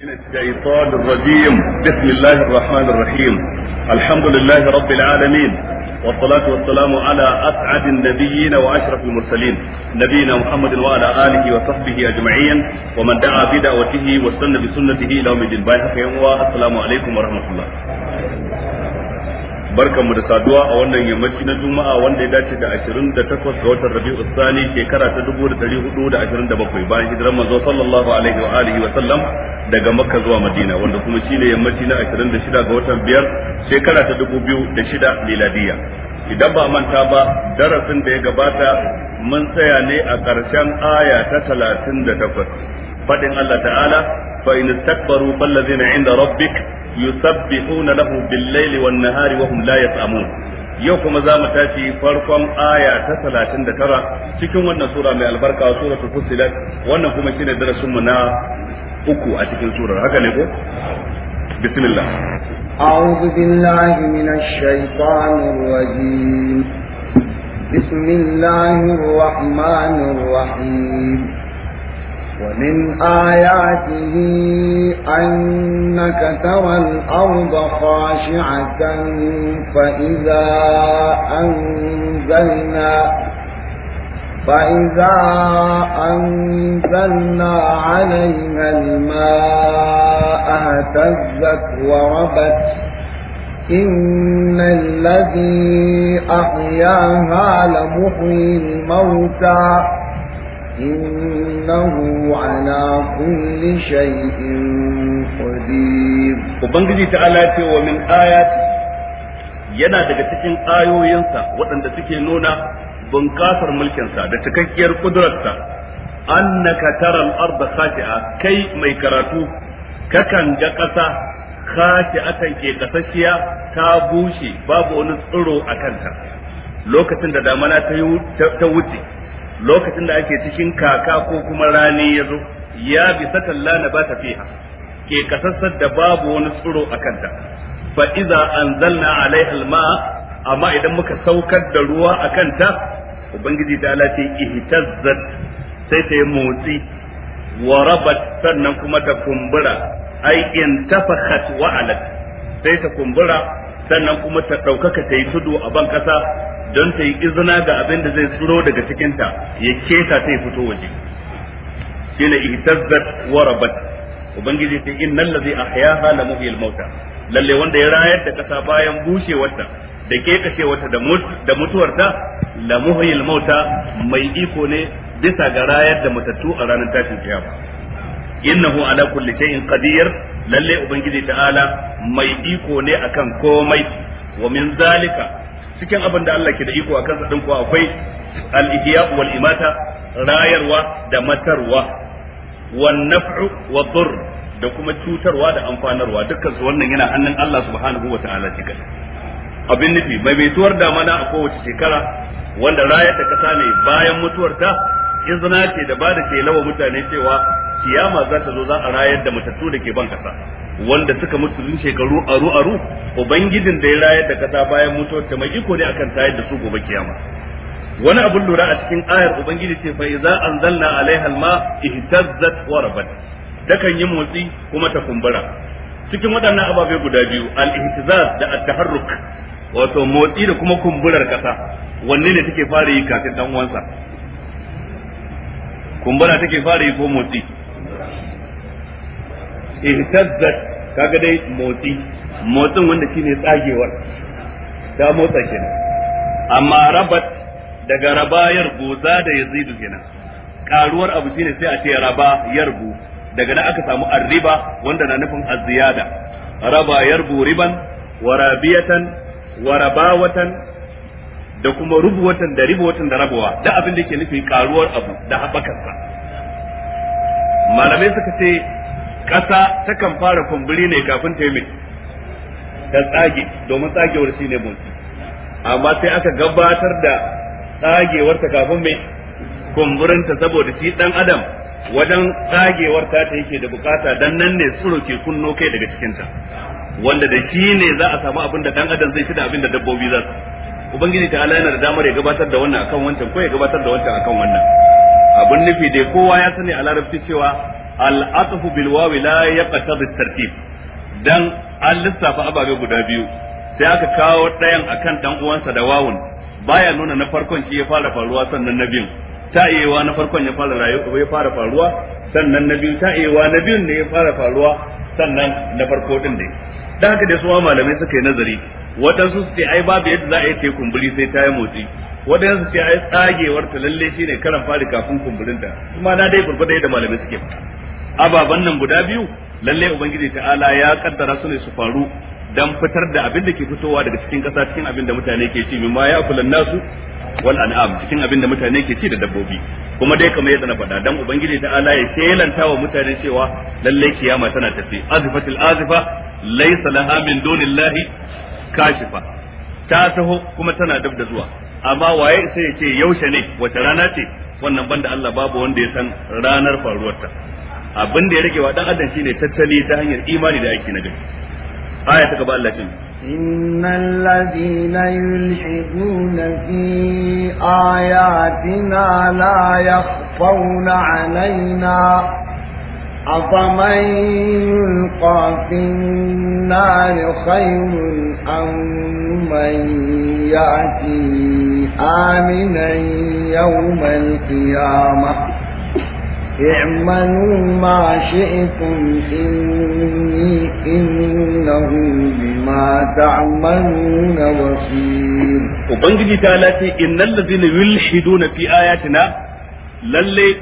من الشيطان الرجيم بسم الله الرحمن الرحيم الحمد لله رب العالمين والصلاة والسلام على أسعد النبيين وأشرف المرسلين نبينا محمد وعلى آله وصحبه أجمعين ومن دعا بدعوته واستنى بسنته إلى يوم الدين السلام عليكم ورحمة الله Barka mu da saduwa a wannan yammaci na juma'a wanda ya dace da 28 ga watan rabi'u tsani shekara ta 1427 bayan hijiran manzo sallallahu alaihi wa alihi wa sallam daga makka zuwa madina wanda kuma shine yammaci na 26 ga watan biyar shekara ta 2006 miladiya idan ba manta ba darasin da ya gabata mun tsaya ne a ƙarshen aya ta 38 fadin Allah ta'ala fa in istakbaru fallazina inda rabbik yusabbihuna lahu bil-laili wan-nahari wa hum la yas'amun yau kuma za mu tashi farkon aya ta talatin da tara cikin wannan sura mai albarka suratul fusilat wannan kuma shine darasin mu na uku a cikin surar haka ne ko bismillah a'udhu billahi minash shaitanir rajim bismillahir rahmanir rahim ومن آياته أنك ترى الأرض خاشعة فإذا أنزلنا فإذا أنزلنا عليها الماء اهتزت وربت إن الذي أحياها لمحيي الموتى إنه على كل شيء قدير ubangiji ta'ala ce wa yana daga cikin ayoyinsa waɗanda suke nuna bunƙasar mulkinsa da cikakkiyar kudurarsa annaka taral arda khashi'a kai mai karatu kakan ga ƙasa khashi'atan ke kasashiya ta bushe babu wani tsiro a kanta lokacin da damana ta wuce lokacin da ake cikin kaka ko kuma rani ya zo ya bi sakan la ta fiha ke kasassar da babu wani tsoro a kanta fa iza anzalna alaiha alma amma idan muka saukar da ruwa a kanta ubangiji ta lati ihtazzat sai ta yi motsi wa rabat sannan kuma ta kumbura ai in tafakhat wa alat sai ta kumbura sannan kuma ta daukaka ta yi tudu a ban kasa don ta yi izina ga abin da zai tsiro daga cikinta ya keta ta fito waje shi ne ihtazzat wa rabat ubangiji sai innal ladzi ahyaha la muhyil mauta lalle wanda ya rayar da kasa bayan bushewarta da kekacewarta da da mutuwarta la muhyil mauta mai iko ne bisa ga rayar da matattu a ranar tashin kiyama innahu ala kulli shay'in qadir lalle ubangiji ta'ala mai iko ne akan komai wa min zalika cikin abin da Allah ke da iko a kansa din ko akwai al-ihya wal imata rayarwa da matarwa wan naf'u wa dhur da kuma cutarwa da amfanarwa dukkan su wannan yana hannun Allah subhanahu wa ta'ala cikin abin nufi mai da damana a kowace shekara wanda rayar da kasa ne bayan mutuwar mutuwarta izina ce da ba da ke lawa mutane cewa kiyama za ta zo za a rayar da matattu da ke ban kasa wanda suka mutu tun shekaru aru aru ubangijin da ya rayar da kasa bayan mutuwar ta mai iko ne akan tayar da su gobe kiyama wani abun lura a cikin ayar ubangiji ce fa iza anzalna alaiha alma ihtazzat wa rabat dakan yi motsi kuma ta kumbura cikin waɗannan ababe guda biyu al-ihtizaz da at-taharruk wato motsi da kuma kumburar kasa wanne ne take fara yi kafin dan uwansa kumbura take fara yi ko motsi ihtazzat kaga dai motsi motsin wanda shine tsagewar ta motsa kenan amma rabat daga rabayar goza da yazidu kenan karuwar abu shine sai a ce raba yarbu daga nan aka samu arriba wanda na nufin azziyada raba yarbu riban wa rabiyatan wa rabawatan da kuma rubuwatan da ribuwatan da rabawa da abin da ke nufin karuwar abu da haɓakarsa malamai suka ce ƙasa takan fara kumburi ne kafin ta yi mai ta tsage domin tsagewar shi ne motsi amma sai aka gabatar da tsagewar ta kafin mai kumburinta saboda shi dan adam wajen tsagewar ta ta yake da bukata dan nan ne tsiro ke kunno kai daga cikinta wanda da shi ne za a samu abin da dan adam zai ci da abin da dabbobi za su ubangiji ta ala yana da damar ya gabatar da wannan akan wancan ko ya gabatar da wancan akan wannan abun nufi dai kowa ya sani a larabci cewa al'atfu bil wawi la yaqtadi tartib dan an lissafa ababe guda biyu sai aka kawo ɗayan akan dan uwansa da wawun baya nuna na farkon shi ya fara faruwa sannan na biyun ta'ewa na farkon ya fara rayuwa ya fara faruwa sannan na biyu ta'ewa na biyun ne ya fara faruwa sannan na farko din ne dan haka da su malamai suka yi nazari wadansu su ce ai babu yadda za a yi ta kumburi sai ta yi motsi wadansu su ce ai tsagewar ta lalle shine karan fari kafin kumburinta kuma na dai gurgurda yadda malamai suke fata ababan nan guda biyu lalle ubangiji ta'ala ya kaddara su ne su faru dan fitar da abin da ke fitowa daga cikin kasa cikin abin da mutane ke ci mimma ya kulan nasu wal an'am cikin abin da mutane ke ci da dabbobi kuma dai kamar yadda na faɗa dan ubangiji ta'ala ya shelanta wa mutane cewa lalle kiyama tana tafi azifatil azifa laysa laha min dunillahi kashifa ta taho kuma tana dab da zuwa amma waye sai ya ce yaushe ne wace rana ce wannan banda Allah babu wanda ya san ranar faruwarta abin da ya rage wa dan adam shine tattali ta hanyar imani da aiki na gari aya ta gaba Allah ce إن الذين يلحدون في آياتنا لا يخفون علينا أفمن يلقى في النار خير أم من يأتي آمنا يوم القيامة اعملوا ما شئتم إني إنه بما تعملون بصير وبنجي تعالى إن الذين يلحدون في آياتنا للي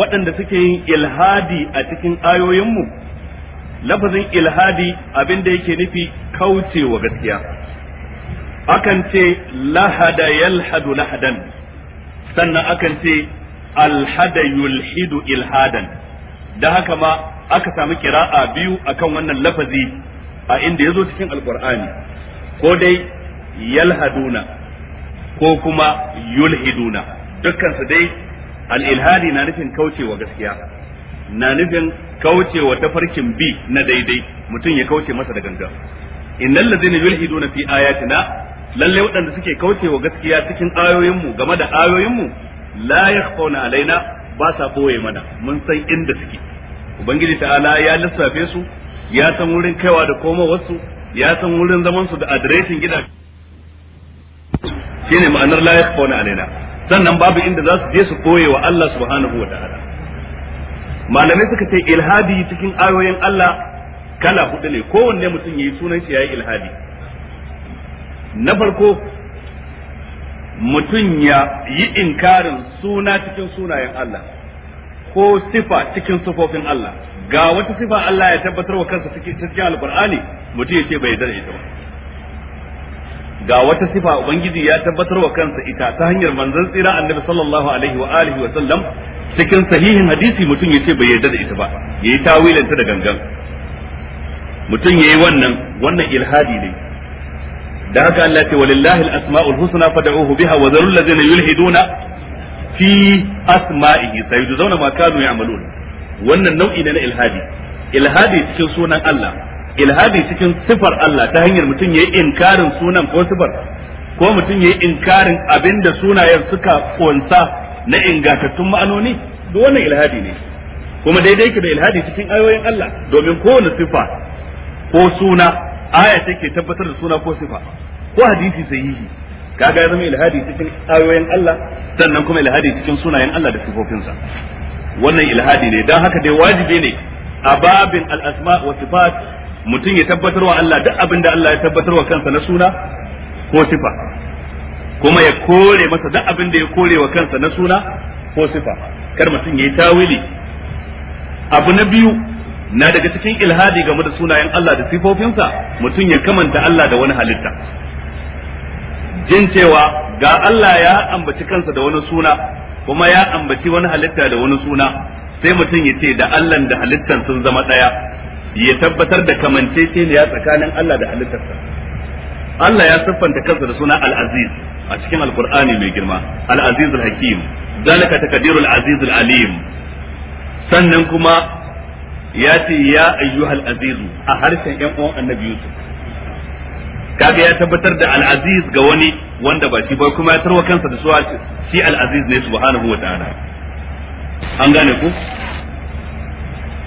waɗanda suke yin ilhadi a cikin ayoyinmu lafazin ilhadi abin da yake nufi kaucewa gaskiya akan ce lahada yalhadu lahadan sannan akan ce alhada yulhidu ilhadan da haka ma aka samu kira'a biyu akan wannan lafazi a inda yazo cikin alqur'ani ko dai yalhaduna ko kuma yulhiduna dukkan su dai al'ilhadi na nufin kaucewa gaskiya na nufin kaucewa tafarkin bi na daidai mutum ya kauce masa da ganga innal ladina yulhiduna fi ayatina lalle waɗanda suke kaucewa gaskiya cikin ayoyinmu game da ayoyinmu la yakhfawna alaina ba sa boye mana mun san inda suke ubangiji ta'ala ya lissafe su ya san wurin kaiwa da koma wasu ya san wurin zaman su da adireshin gida shine ma'anar la yakhfawna alaina sannan babu inda za su je su koye wa Allah subhanahu wa ta'ala malamai suka ce ilhadi cikin ayoyin Allah kala hudu ne kowanne mutum yayi sunan shi yayi ilhadi na farko mutum ya yi inkarin suna cikin sunayen Allah ko sifa cikin sufofin Allah ga wata sifa Allah ya tabbatar wa kansa cikin Alƙur'ani, mutum ya ce bai yarda ita ba ga wata sifa ubangiji ya tabbatar wa kansa ita ta hanyar manzon tsira annabi sallallahu alaihi wa alihi wa sallam cikin sahihin hadisi mutum ya ce bai yarda da ita ba yayi tawilanta da gangan mutum yayi wannan wannan ilhadi ne da haka Allah ce walillahi al-asma'ul husna fad'uhu biha wa zarul ladzina yulhiduna fi asma'ihi sayujzauna ma kanu ya'malun wannan nau'i ne na ilhadi ilhadi cikin sunan Allah ilhadi cikin sifar Allah ta hanyar mutum yayi inkarin sunan ko sifar ko mutum yayi inkarin abinda sunayen suka kunsa na ingantattun ma'anoni duk wannan ilhadi ne kuma daidai ke da ilhadi cikin ayoyin Allah domin kowane sifa ko suna aya take tabbatar da suna ko sifa ko hadisi sahihi kaga ya zama ilhadi cikin ayoyin Allah sannan kuma ilhadi cikin sunayen Allah da sifofinsa wannan ilhadi ne dan haka dai wajibi ne a babin al-asma wa sifat mutum ya tabbatar wa Allah duk abin da Allah ya tabbatar wa kansa na suna ko sifa kuma ya kore masa duk abin da ya kore wa kansa na suna ko sifa kar mutum yayi tawili abu na biyu na daga cikin ilhadi game da sunayen Allah da sifofinsa mutum ya kamanta Allah da wani halitta jin cewa ga Allah ya ambaci kansa da wani suna kuma ya ambaci wani halitta da wani suna sai mutum ya ce da Allah da halittan sun zama ɗaya ya tabbatar da kamanceceniya tsakanin Allah da halittarsa Allah ya siffanta kansa da suna al-aziz a cikin alkur'ani mai girma al-aziz al-hakim zalika takdirul aziz al-alim sannan kuma ya ce ya ayyuhal azizu a harshen yan uwan annabi yusuf kaga ya tabbatar da al ga wani wanda ba shi ba kuma ya tarwa kansa da suwa shi al-aziz ne subhanahu wa ta'ala an gane ku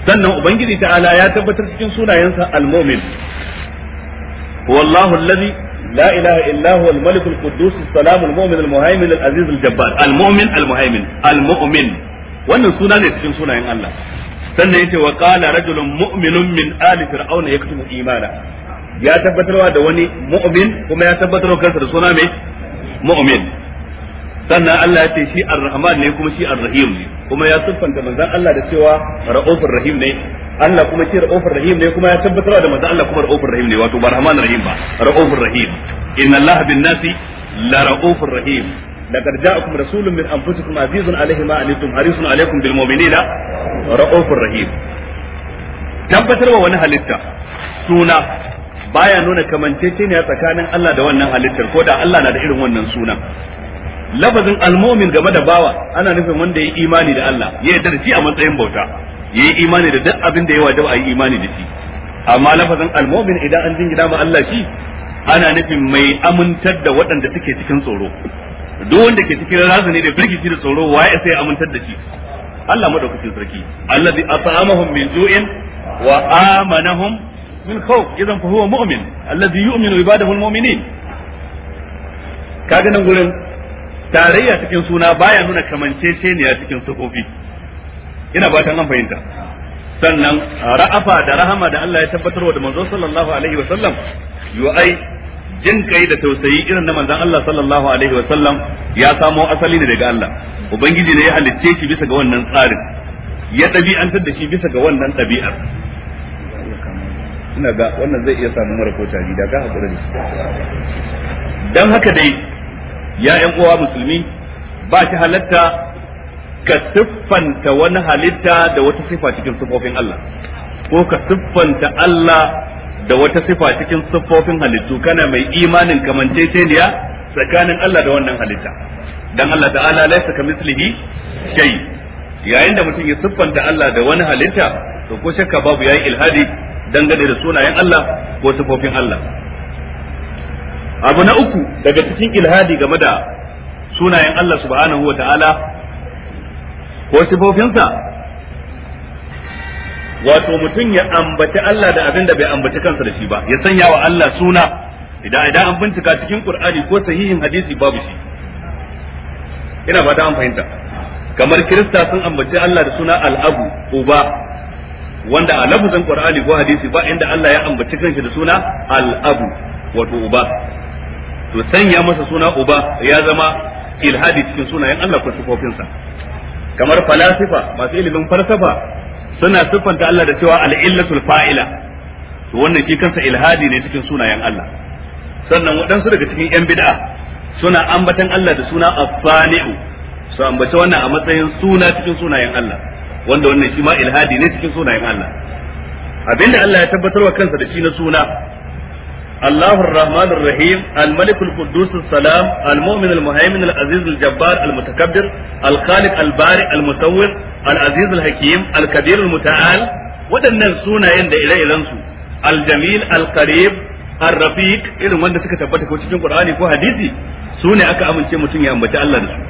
sannan ubangiji ta'ala ya tabbatar cikin sunayensa al-mu'min wallahu allazi la ilaha illa huwa al-malik al-quddus as-salam al-mu'min al-muhaymin al-aziz al-jabbar al-mu'min al-muhaymin al-mu'min wannan suna ne cikin sunayen Allah sannan yace wa qala rajulun mu'minun min ali fir'auna yaktumu imana ya tabbatarwa da wani mu'min kuma ya tabbatarwa kansa da suna mai mu'min sannan Allah ya ce shi ar-rahman ne kuma shi ar-rahim ne kuma ya siffanta manzon Allah da cewa ra'ufur rahim ne Allah kuma shi ra'ufur rahim ne kuma ya tabbatarwa da manzon Allah kuma ra'ufur rahim ne wato ba rahman rahim ba ra'ufur rahim inna Allah bin nasi la ra'ufur rahim لقد جاءكم رسول من انفسكم عزيز عليه ما انتم حريص عليكم بالمؤمنين رؤوف رحيم tabbatarwa wani halitta suna baya nuna kamanceceniya tsakanin Allah da wannan halittar ko da Allah na da irin wannan sunan lafazin almomin game da bawa ana nufin wanda ya yi imani da Allah ya yarda da shi a matsayin bauta ya yi imani da duk abin da ya wajaba a yi imani da shi amma lafazin almomin idan an jingina ma Allah shi ana nufin mai amintar da waɗanda suke cikin tsoro duk wanda ke cikin razani da firgici da tsoro waye sai amintar da shi Allah madaukakin sarki allazi asamahum min ju'in wa amanahum من خوف إذا فهو مؤمن الذي kaga nan gurin tarayya cikin suna baya nuna kamanceceniya cikin sufofi ina batan an fahimta sannan ra'afa da rahama da Allah ya tabbatar da manzo sallallahu alaihi wa sallam yu'ai jin kai da tausayi irin na manzon Allah sallallahu alaihi wa sallam ya samo asali ne daga Allah ubangiji ne ya halicce shi bisa ga wannan tsarin ya ɗabi'antar da shi bisa ga wannan ɗabi'ar ina ga wannan zai iya samu mara ko tari da ga hakura da shi dan haka dai ya yan uwa musulmi ba shi halatta ka siffanta wani halitta da wata sifa cikin sifofin Allah ko ka siffanta Allah da wata sifa cikin siffofin halittu kana mai imanin kamanceceniya tsakanin Allah da wannan halitta dan Allah ta'ala laysa kamithlihi shay yayin da mutum ya siffanta Allah da wani halitta to ko shakka babu yayi ilhadi dangane da sunayen Allah ko sifofin Allah abu na uku daga cikin ilhadi game da sunayen Allah subhanahu wa ta'ala ko sifofinsa wato mutum ya ambaci Allah da abin da bai ambaci kansa da shi ba ya sanya wa Allah suna idan idan an bincika cikin Qur'ani ko sahihin hadisi babu shi ina ba da an fahimta kamar kirista sun ambaci Allah da suna al'abu uba wanda a lafazin qur'ani ko hadisi ba inda Allah ya ambaci kanshi da suna al-abu wato uba to sanya masa suna uba ya zama ilhadi cikin sunayen Allah ko sifofinsa kamar falasifa masu ilimin falsafa suna siffanta Allah da cewa al-illatul fa'ila to wannan shi kansa ilhadi ne cikin sunayen Allah sannan waɗansu daga cikin yan bid'a suna ambatan Allah da suna afani'u su ambaci wannan a matsayin suna cikin sunayen Allah wanda wannan shi ma ilhadi ne cikin sunayen Allah abinda Allah ya tabbatar wa kansa da shi na suna al الرحمن الرحيم الملك القدوس السلام المؤمن المهيمن العزيز الجبار al الخالق البارئ المصور العزيز الحكيم الكبير المتعال waɗannan sunayen da ire-irensu aljamil alkarib rafiq irin wanda suka tabbata ko cikin qur'ani ko hadisi sune aka amince mutum ya ambaci Allah da su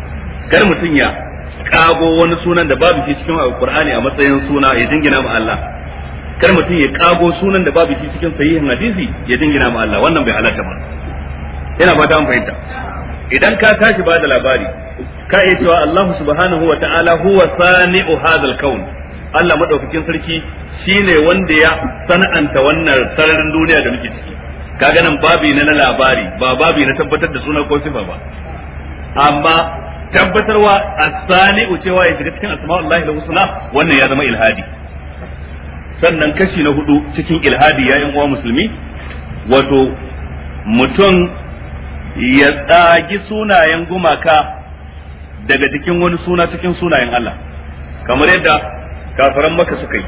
kar mutum ya kago wani sunan da babu shi cikin alkur'ani a matsayin suna ya dingina ma Allah kar mutum ya kago sunan da babu shi cikin sahihin hadisi ya dingina ma Allah wannan bai halatta ba ina fata an fahimta idan ka tashi ba da labari ka iya cewa Allah subhanahu wa ta'ala huwa sani'u hadhal kaun Allah madaukakin sarki shine wanda ya sana'anta wannan sararin duniya da muke ciki kaga nan babi na labari ba babi na tabbatar da sunan ko sifa ba amma tabbatarwa as-sali'u cewa ya shiga cikin asma'ullahi wal husna wannan ya zama ilhadi sannan kashi na hudu cikin ilhadi ya uwa musulmi wato mutum ya tsagi sunayen gumaka daga cikin wani suna cikin sunayen Allah kamar yadda kafaran maka suka yi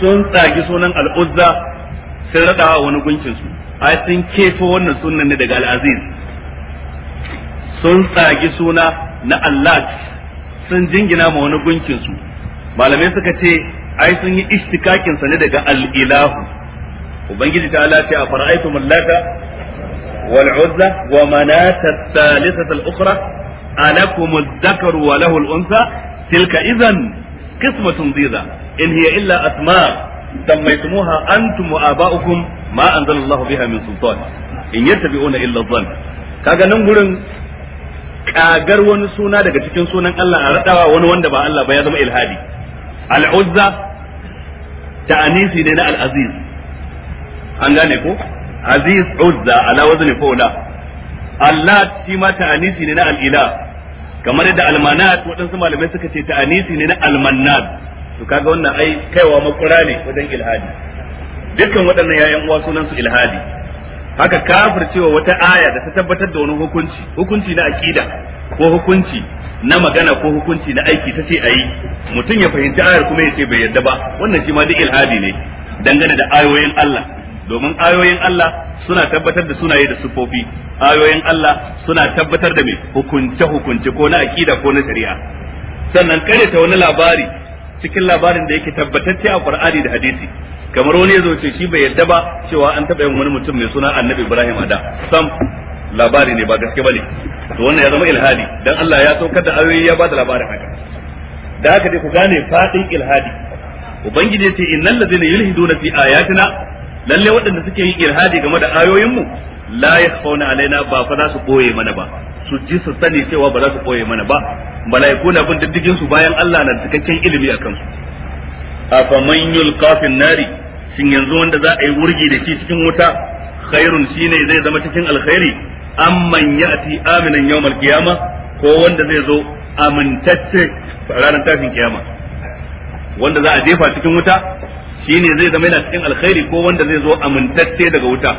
sun tsagi sunan al'uzza sun raɗa wani gunkinsu a sun kefo wannan sunan ne daga al'aziz sun tsagi suna na allat sun jingina ma wani gunkin su malamai suka ce ai sun yi istikakin sa ne daga al-ilahu ubangiji ta ala ce a fara'aitum mallaka wal uzza wa manat ath-thalithah al-ukhra alakum adh-dhakaru wa lahu al-untha tilka idhan qismatun dhiza in hiya illa asma' سميتموها أنتم وآباؤكم ما أنزل الله بها من سلطان إن illa إلا الظن kaga nan gurin kagar wani suna daga cikin sunan Allah a radawa wani wanda ba Allah ba ya zama ilhadi al-uzza ta'anisi ne na al-aziz an gane ko aziz uzza ala ko faula Allah shi ma ta'anisi ne na al ila kamar yadda almanat waɗansu malamai suka ce ta'anisi ne na almannat to kaga wannan ai kaiwa makura ne wajen ilhadi dukkan waɗannan yayan uwa sunan su ilhadi haka cewa wata aya da ta tabbatar da wani hukunci hukunci na akida ko hukunci na magana ko hukunci na aiki ta ce ayi mutum ya fahimci ayar kuma ya ce bai yarda ba wannan shi ma duk ilhadi ne dangane da ayoyin Allah domin ayoyin Allah suna tabbatar da sunaye da sufofi ayoyin Allah suna tabbatar da mai hukunce hukunce ko na akida ko na shari'a sannan kare ta wani labari cikin labarin da yake tabbatacce a Qur'ani da hadisi kamar wani yazo ce shi bai yadda ba cewa an taba yin wani mutum mai suna Annabi Ibrahim ada sam labari ne ba gaske bane to wannan ya zama ilhadi dan Allah ya saukar da ayoyi ya ba da labarin haka da haka dai ku gane fadin ilhadi ubangiji ya ce innal ladina yulhiduna fi ayatina lalle waɗanda suke yin ilhadi game da ayoyinmu la yakhfauna alaina ba fa za su boye mana ba su ji su sani cewa ba za su boye mana ba mala'iku na bin diddigin su bayan Allah na cikakken ilimi a kansu A afaman yulqa kafin nari shin yanzu wanda za a yi wurgi da shi cikin wuta khairun shine zai zama cikin alkhairi amman ya'ti aminan yawmal qiyama ko wanda zai zo amintacce ranar tashin kiyama wanda za a jefa cikin wuta shine zai zama yana cikin alkhairi ko wanda zai zo amintacce daga wuta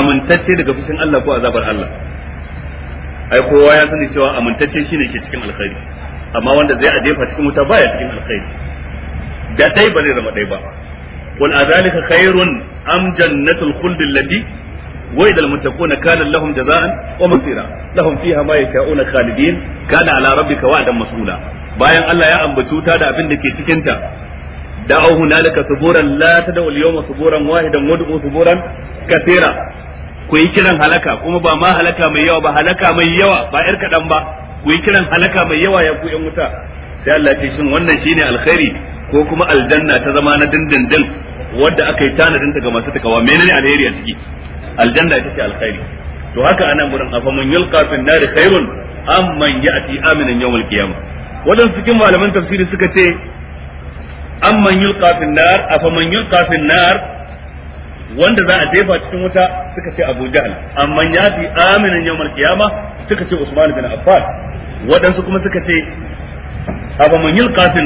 amintacce daga fushin Allah ko azabar Allah ai kowa ya sani cewa amintacce shine ke cikin alkhairi amma wanda zai a jefa cikin wuta baya cikin alkhairi da dai ba zai zama dai ba qul azalika khairun am jannatul khuld allati وإذا المتقون كان لهم جزاء ومصيرا لهم فيها ما يشاءون خالدين كان على ربك وعدا مسؤولا bayan Allah ya ambaci wuta da abin da ke cikin ta da'aw hunalika suburan la tad'u al-yawma suburan wahidan wad'u suburan kathira ku yi kiran halaka kuma ba ma halaka mai yawa ba halaka mai yawa ba yar kaɗan ba ku yi kiran halaka mai yawa ya ku yan wuta sai Allah ce shin wannan shine alkhairi ko kuma aljanna ta zama na dindindin wadda aka yi tanadin daga masu takawa menene alheri a ciki aljanna ita ce alkhairi to haka anan gurin afa mun yulqa fin nari khairun am man ya'ti aminan yawmal qiyamah wadan cikin malaman tafsiri suka ce am man yulqa fin nar afa man yulqa fin nar wanda za a jefa cikin wuta suka ce Abu Jahl amma ya fi aminan yawmal kiyama suka ce Usman bin Affan waɗansu kuma suka ce abu man yulqa fil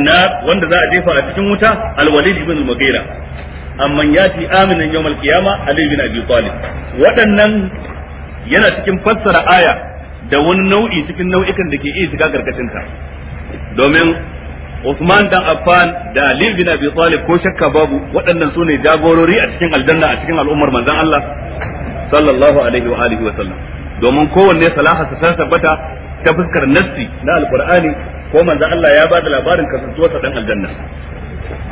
wanda za a jefa a cikin wuta al-Walid ibn al-Mughira amma ya fi aminan yawmal kiyama Ali bin Abi Talib waɗannan yana cikin fassara aya da wani nau'i cikin nau'ikan da ke iya shiga karkashin ta domin Usman dan Affan da Ali bin Abi Talib ko shakka babu waɗannan su ne jagorori a cikin aljanna a cikin al'ummar manzon Allah sallallahu alaihi wa alihi wa sallam domin kowanne salaha ta tabbata ta fuskar nassi na alqur'ani ko manzon Allah ya bada labarin kasantuwarsa dan aljanna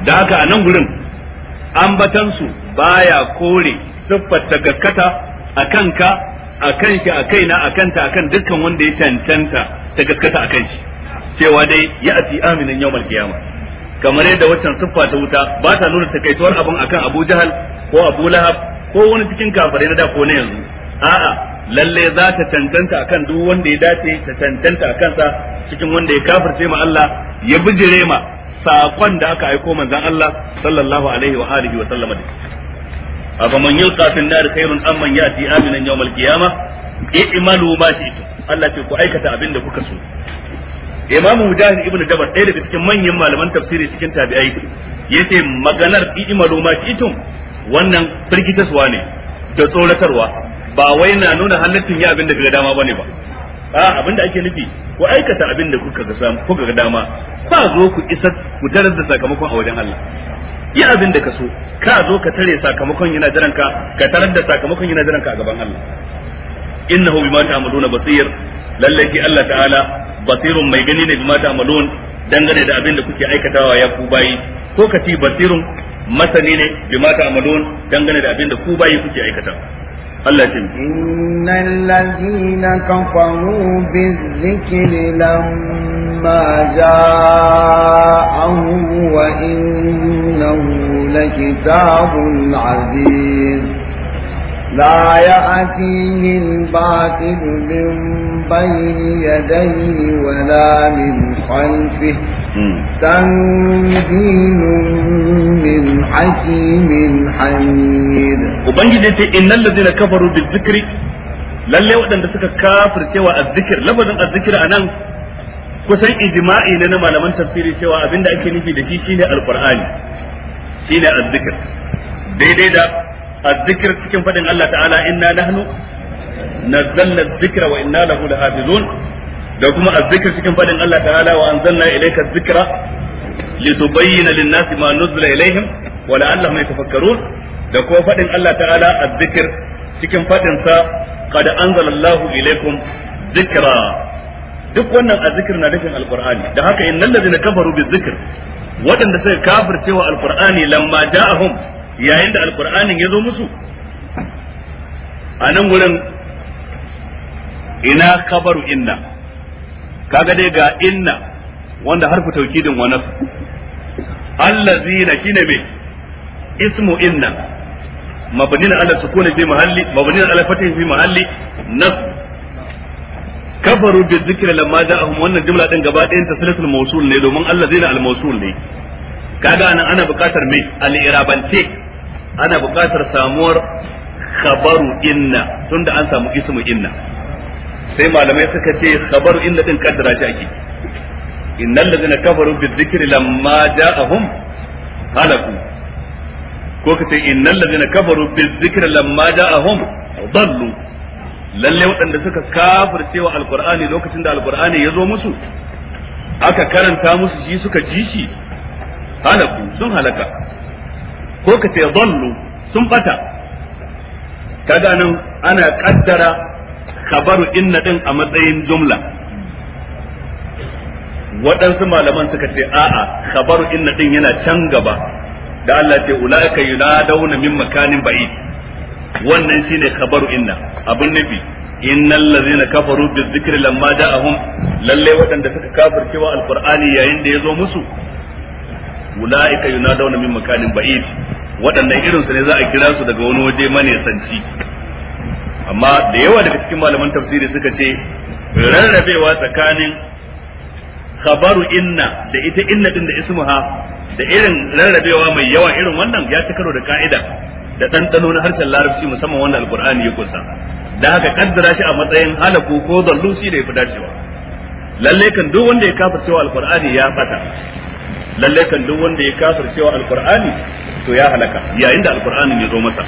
da haka a nan gurin su baya kore siffar gaskata a kanka a kan shi a kaina a kanta kan dukkan wanda ya cancanta gaskata a kan shi cewa dai ya ati aminan yawmal kiyama kamar yadda waccan siffa ta wuta ba ta nuna takaituwar abin akan Abu Jahal ko Abu Lahab ko wani cikin kafirai na da ko na yanzu a'a lalle za ta tantanta akan duk wanda ya dace ta tantanta akan sa cikin wanda ya kafirce ma Allah ya bijire ma sakon da aka aiko manzon Allah sallallahu alaihi wa alihi wa sallama da man yulqa fil nar khairun man yati aminan yawmal qiyamah i'malu ma shi'tum Allah ce ku aikata abin da kuka so imamu mujahid ibnu jabal ɗaya daga cikin manyan malaman tafsiri cikin tabi'ai yace maganar i'malu ma kitum wannan firgitaswa ne da tsoratarwa ba wai na nuna halattun ya abin da ga dama bane ba a abin da ake nufi ku aikata abin da kuka ga samu kuka ga dama ba zo ku isa ku tarar da sakamakon a wajen Allah yi abin da ka so ka zo ka tare sakamakon yana jiran ka ka tarar da sakamakon yana jiran a gaban Allah innahu bima ta'maluna basir lalle ki Allah ta'ala basirun mai gani ne bima ta'malun dangane da abin da kuke aikatawa ya ku bayi ko ka basirun masani ne bima ta'malun dangane da abin da ku bayi kuke aikatawa Allah ce innal ladina kafaru bizikri lamma ja'ahu wa innahu lakitabun aziz لا يأتيه الباطل من بين يديه ولا من خلفه تنزيل من حكيم حميد وبنجي جيتي إن الذين كفروا بالذكر lalle waɗanda suka كافر cewa الذكر lafazin azzikir a nan kusan ijma'i ne na malaman tafsiri cewa abinda ake nufi da shi shine alqur'ani shine azzikr daidai da الذكر cikin fadin Allah ta'ala inna nahnu nazzalna dhikra wa inna lahu lahafizun da kuma azzikr cikin fadin Allah ta'ala wa anzalna ilayka dhikra litubayyana lin-nasi ma nuzila ilayhim wa la'allahum yatafakkarun da kuma fadin Allah ta'ala azzikr cikin fadin sa qad duk wannan azzikr na dafin alqur'ani da haka innal ladzina kafaru bizikr wadanda suka kafircewa alqur'ani lamma ja'ahum yayin da alkur'anin ya zo musu a nan wurin ina kabaru inna kaga dai ga inna wanda harfu taukidin wa nafs allazina shine me ismu inna mabnin ala sukuni fi mahalli mabnin ala fathi fi mahalli nafs kafaru bi dhikri lamma ja'ahum wannan jumla din gaba ɗayan tasilatul mawsul ne domin allazina al mawsul ne kaga anan ana buƙatar me al irabance ana buƙatar samuwar khabaru inna tunda an samu ismu inna sai malamai suka ce khabaru inna din kaddara ta ake innal ladzina kafaru bizikri lamma ja'ahum halaku ko kace innal ladzina kafaru bizikri lamma ja'ahum dallu lalle waɗanda suka kafirce wa alqur'ani lokacin da alqur'ani ya zo musu aka karanta musu shi suka ji shi halaku sun halaka ko ka ce zallu sun bata kaga nan ana kaddara khabaru inna din a matsayin jumla waɗansu malaman suka ce a'a khabaru inna din yana can gaba da Allah ce ulaika yunadawna min makanin ba'i. wannan shine khabaru inna abun nabi innal ladzina kafaru bizikri lamma ja'ahum lalle waɗanda suka kafirce wa alqur'ani yayin da ya zo musu ulaika yunadawna min makanin ba'id waɗannan irinsu ne za a kira su daga wani waje manesanci amma da yawa daga cikin malaman tafsiri suka ce rarrabewa tsakanin khabaru inna da ita inna din da ismuha da irin rarrabewa mai yawa irin wannan ya ci karo da ka'ida da ɗanɗano na harshen larabci musamman wanda alkur'ani ya kusa. da haka kaddara shi a matsayin halaku ko zallu shi da ya fi dacewa lalle kan duk wanda ya kafa cewa alkur'ani ya fata lalle kan duk wanda ya cewa alqur'ani to ya halaka yayin da alqur'ani ne zo masa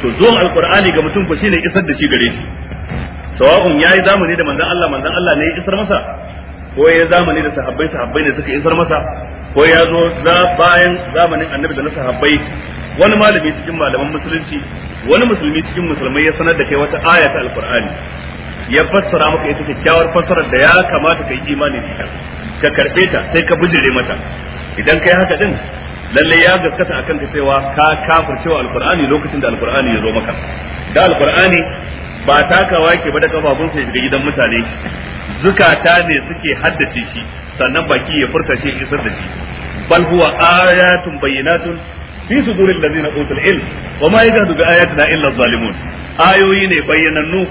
to zuwan alqur'ani ga mutum ko shine isar da shi gare shi sawa'un yayi zamani da manzon Allah manzon Allah ne ya isar masa ko ya zamani da sahabbai sahabbai ne suka isar masa ko ya zo za bayan zamanin annabi da na sahabbai wani malami cikin malaman musulunci wani musulmi cikin musulmai ya sanar da kai wata aya ta alqur'ani ya fassara maka ita kyakkyawar fassarar da ya kamata ka yi imani da ita ka karbe ta sai ka bijire mata idan kai haka din lalle ya gaskata akan ka cewa ka kafircewa alqur'ani lokacin da alqur'ani ya zo maka da alqur'ani ba takawa yake ba da kafafun sai ga gidan mutane zukata ne suke haddace shi sannan baki ya furta shi isar da shi bal huwa ayatun bayyinatun fi suduril ladina utul ilm wama ma yajhadu bi ayatina illa zalimun ayoyi ne bayyanannu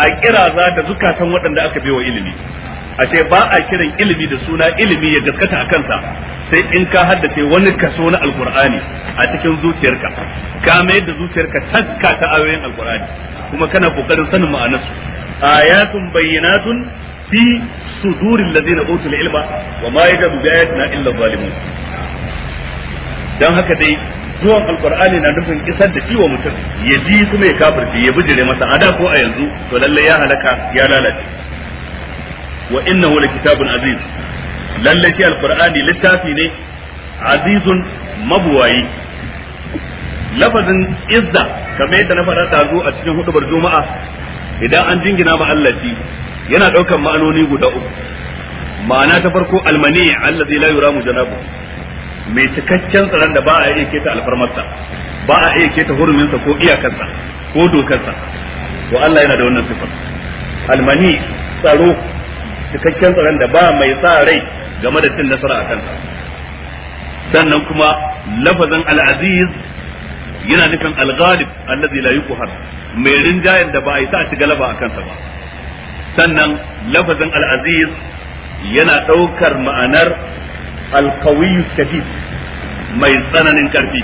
a kiraza da zukatan waɗanda aka biyo ilimi a ce ba a kiran ilimi da suna ilimi ya gaskata a kansa sai in ka haddace wani kaso na alkur'ani a cikin zuciyarka ka mayar da zuciyarka taska ta ayoyin alkur'ani kuma kana kokarin sanin ma'anarsu ayatun bayyinatun fi sudurin ladina utul ilma wa ma yajadu bi ayatina illa zalimun dan haka dai zuwan alkur'ani na nufin isar da shi wa mutum ya ji kuma ya kafirci ya bijire masa da ko a yanzu to lalle ya halaka ya lalace wa innahu kitabun aziz lalle shi alqur'ani littafi ne azizun mabuwayi lafazin izza kamar yadda na faɗa tazo a cikin hudubar juma'a idan an jingina ma Allah shi yana ɗaukar ma'anoni guda uku ma'ana ta farko almani allazi la yuramu janabu mai cikakken tsaron da ba a iya keta alfarmarsa ba a iya keta huruminsa ko iyakarsa ko dokarsa to Allah yana da wannan sifar almani tsaro cikakken tsaron da ba mai sa rai game da cin nasara a kansa sannan kuma lafazin al'aziz yana nufin al-ghalib allazi la yuqhar mai rinjayen da ba a yi sa ci galaba a kansa ba sannan lafazin al yana daukar ma'anar alkawiyu shadid mai tsananin karfi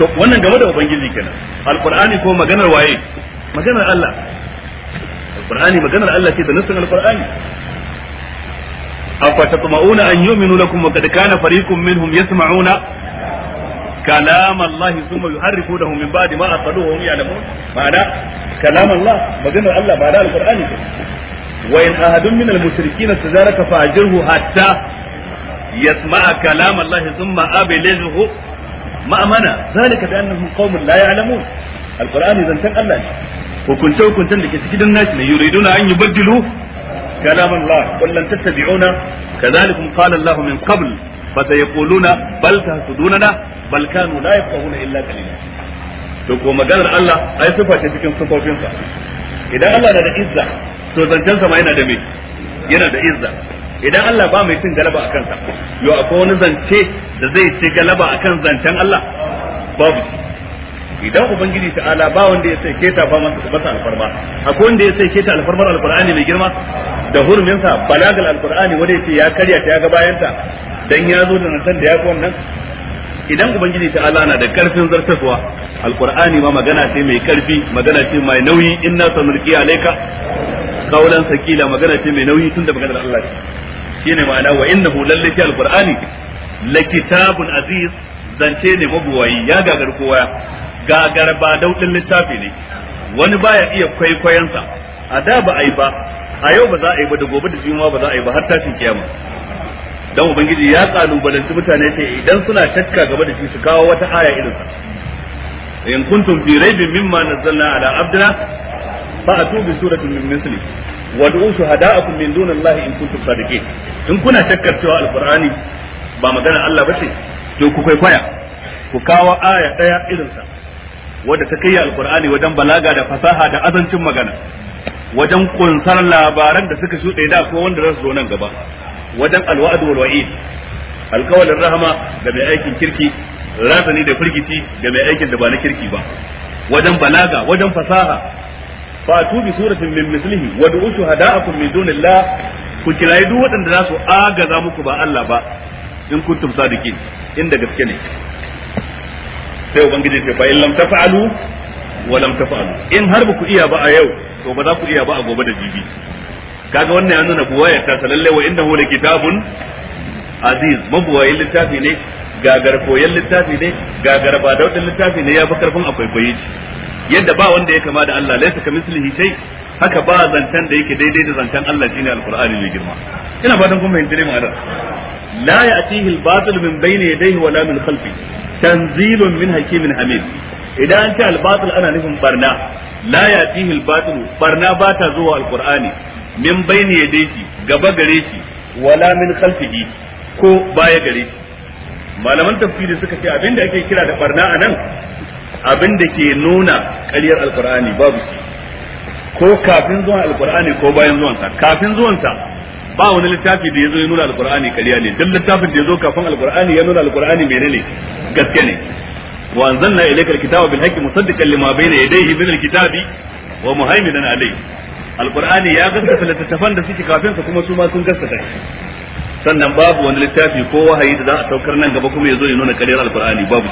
to wannan game da ubangiji kenan alqur'ani ko maganar waye maganar Allah alqur'ani maganar Allah ce da nassin alqur'ani afa tatma'una an yu'minu lakum wa qad kana fariqun minhum yasma'una kalam Allah thumma yuharrifunahu min ba'di ma aqaluhu hum ya'lamun ma'ana kalam Allah maganar Allah ba da alqur'ani wa in ahadun min al-mushrikeena tajaraka fa'ajirhu hatta yasma'a kalam Allah thumma abilizhu ma'amana zalika bi anan qaumun la ya'lamun alqur'ani zantan Allah ne hukunce hukuncen da ke cikin nashi ne yuriduna an yubaddilu kalam Allah qul lan tattabi'una kadhalikum qala Allah min qabl فسيقولون بل تحسدوننا بل كانوا لا يفقهون illa قليلا to ko maganar Allah ai sifa ce cikin sifofinsa idan Allah na da izza to zancensa ma yana da yana da izza idan Allah ba mai cin galaba akan sa yo akwai wani zance da zai ci galaba akan zancen Allah babu idan ubangiji ta'ala ba wanda ya sai ke ba masa alfarma akwai wanda ya sai ta alfarmar alqur'ani mai girma da hurminsa sa balagal alqur'ani wanda ya ce ya karya ta ya ga bayanta dan ya zo da nan da ya ga wannan idan ubangiji ta alana da karfin zartaswa alqur'ani ma magana ce mai karfi magana ce mai nauyi inna sanulqi alayka qawlan sakila magana ce mai nauyi tunda maganar Allah Shi shine ma'ana wa innahu lalle fi alqur'ani lakitabun aziz zance ne mabuwayi ya gagar kowa gagar ba daudin littafi ne wani baya iya kwaikwayansa a da ba a yi ba a yau ba za a yi ba da gobe da jima ba za a yi ba har tashin kiyama dan ubangiji ya kalubalanci mutane ce idan suna shakka gaba da shi su kawo wata aya irin sa in kuntum fi raibin mimma nazzalna ala abdina fa atu bi suratin min misli wad'u shuhada'akum min dunillahi in kuntum sadiqin in kuna shakkar cewa alqur'ani ba magana Allah bace to ku kwaikwaya ku kawo aya daya irin sa wadda ta kai alqur'ani wajen balaga da fasaha da azancin magana wajen kunsar labaran da suka shuɗe da ko wanda zasu zo nan gaba wajen alwa'd wal wa'id alkawalin rahama ga mai aikin kirki razani da firgici ga mai aikin da ba na kirki ba wajen balaga wajen fasaha fatu bi suratin min mislihi wad'u shuhada'akum min dunillah ku kirayi duk waɗanda za su agaza muku ba Allah ba in kuntum sadiqin inda gaske ne sai ubangiji ce fa in lam taf'alu wa lam taf'alu in har ba ku iya ba a yau to ba za ku iya ba a gobe da jibi kaga wannan ya nuna buwayar ta lalle wa innahu kitabun aziz mabuwayin littafi ne gagar koyan littafi ne gagar ba daudin littafi ne ya fi karfin akwai kwaikwaye shi yadda ba wanda ya kama da Allah laisa mislihi shay haka ba zancen da yake daidai da zantan Allah shine alqur'ani mai girma ina fatan kun fahimci ma'anar la ya'tihi al-batil min bayni yadayhi wala min khalfi tanzilun min hakimin hamid idan an ce al-batil ana nufin barna la ya'tihi al-batil barna ba ta zuwa alqur'ani min bayni yadayhi gaba gare shi wala min khalfihi ko baya gare shi malaman tafsiri suka ce abinda ake kira da barna anan abinda ke nuna ƙaryar alqur'ani babu shi ko kafin zuwan alqur'ani ko bayan zuwansa kafin zuwansa ba wani littafi da ya zo ya nuna alqur'ani ƙarya ne duk littafin da ya zo kafin alqur'ani ya nuna alqur'ani menene gaske ne وأنزلنا إليك الكتاب بالحق مصدقا لما بين يديه من الكتاب ومهيمنا عليه alkur'ani ya gaskata littattafan da suke kafin sa kuma su ma sun gaskata sannan babu wani littafi ko wahayi da za a saukar nan gaba kuma ya zo ya nuna ƙaryar alqur'ani babu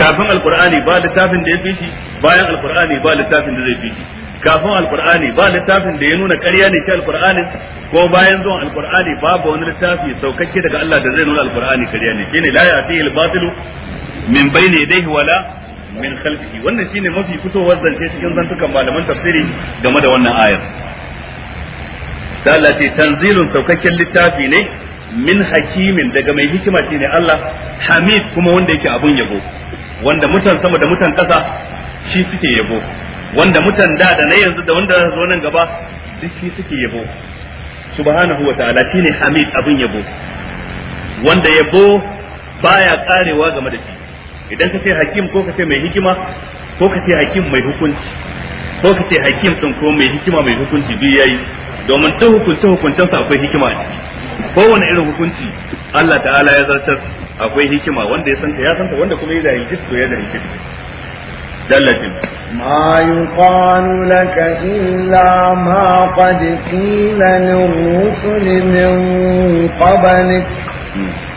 kafin alqur'ani ba littafin da ya fi shi bayan alqur'ani ba littafin da zai fi shi kafin alqur'ani ba littafin da ya nuna karya ne ta alqur'ani ko bayan zuwan alkurani babu wani littafi saukakke daga Allah da zai nuna alqur'ani ƙarya ne shine la ya'tihi al-batilu min bayni yadayhi wala min khalqihi wannan shine mafi fitowar zance cikin zantukan malaman tafsiri game da wannan ayar da Allah ce tanzilun saukakken littafi ne min hakimin daga mai hikima shine Allah hamid kuma wanda yake abun yabo wanda mutan sama da mutan kasa shi suke yabo wanda mutan da da na yanzu da wanda zo nan gaba duk shi suke yabo subhanahu wa ta'ala shine hamid abun yabo wanda yabo baya karewa game da shi idan ka ce hakim ko ka ce mai hikima ko ka ce hakim mai hukunci ko ka ce hakim din ko mai hikima mai hukunci duk yayi domin duk hukunci hukuncen sa akwai hikima a ciki kowane irin hukunci Allah ta'ala ya zartar akwai hikima wanda ya santa ya santa wanda kuma ya da hikisto ya da hikisto دلت ما يقال لك إلا ما قد قيل للرسل من قبلك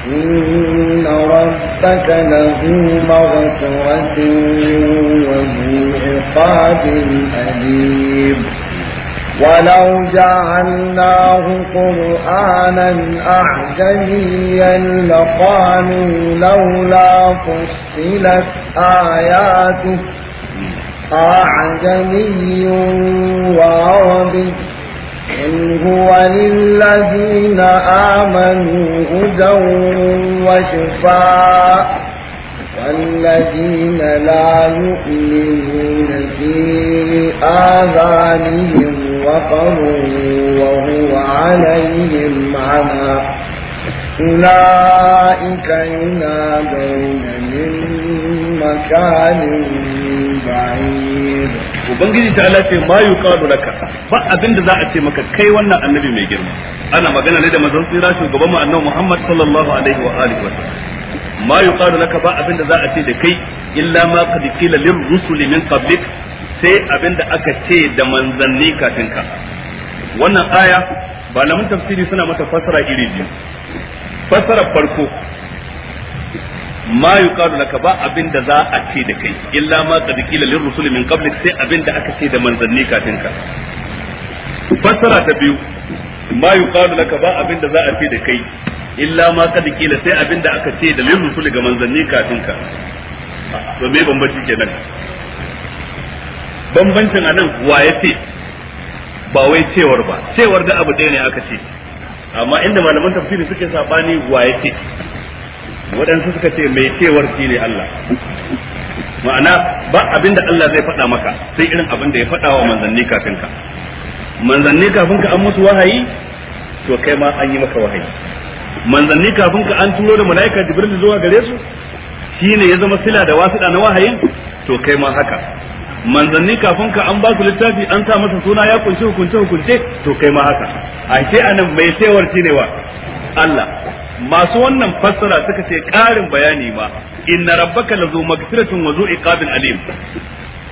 إن ربك له مغفرة وذو عقاب أليم ولو جعلناه قرآنا أعجميا لقالوا لولا فصلت آياته أعجمي وعربي إن هو للذين آمنوا هدى وشفاء والذين لا يؤمنون في آذانهم وقر وهو عليهم عمى أولئك ينادون من مكان بعيد ubangiji ta ala ce ma yuqalu laka ba abinda za a ce maka kai wannan annabi mai girma ana magana ne da manzon tsira shugaban mu annabi Muhammad sallallahu alaihi wa alihi wa ma yuqalu laka ba abinda za a ce da kai illa ma qad qila lir rusuli min qablik sai abinda aka ce da manzanni kafin ka wannan aya malaman tafsiri suna mata fasara iri biyu fasarar farko ma yuqalu laka ba abinda za a ce da kai illa ma qad qila lir rusul min qablik sai abinda aka ce da manzanni kafin ka fassara ta biyu ma yuqalu laka ba abinda za a ce da kai illa ma qad qila sai abinda aka ce da lir rusul ga manzanni kafin ka to me bambanci kenan bambancin anan wa yace ba wai cewar ba cewar da abu ɗaya ne aka ce amma inda malaman tafsiri suke sabani wa yace waɗansu suka ce mai cewar shi ne Allah ma'ana ba abinda Allah zai faɗa maka sai irin abin da ya faɗa wa manzanni kafin ka manzanni kafin ka an musu wahayi to kai ma an yi maka wahayi manzanni kafin ka an turo da mala'ika jibril zuwa gare su shine ya zama sila da wasiɗa na wahayi to kai ma haka manzanni kafin ka an ba su littafi an sa masa suna ya kunshi hukunce hukunce to kai ma haka a anan mai cewar shi ne wa Allah masu wannan fassara suka ce ƙarin bayani ma inna rabbaka lazu magfiratun wa zu iqabin alim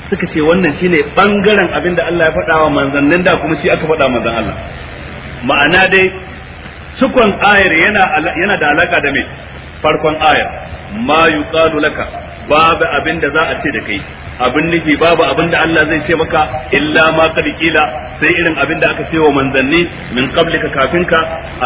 suka ce wannan shine bangaren abin da Allah ya faɗa wa manzannin da kuma shi aka faɗa manzon Allah ma'ana dai cikon ayar yana yana da alaka da me farkon ayar ma yuqalu laka babu abin da za a ce da kai abin nufi babu abin da Allah zai ce maka illa ma kad kila sai irin abin da aka ce wa manzanni min qablika kafin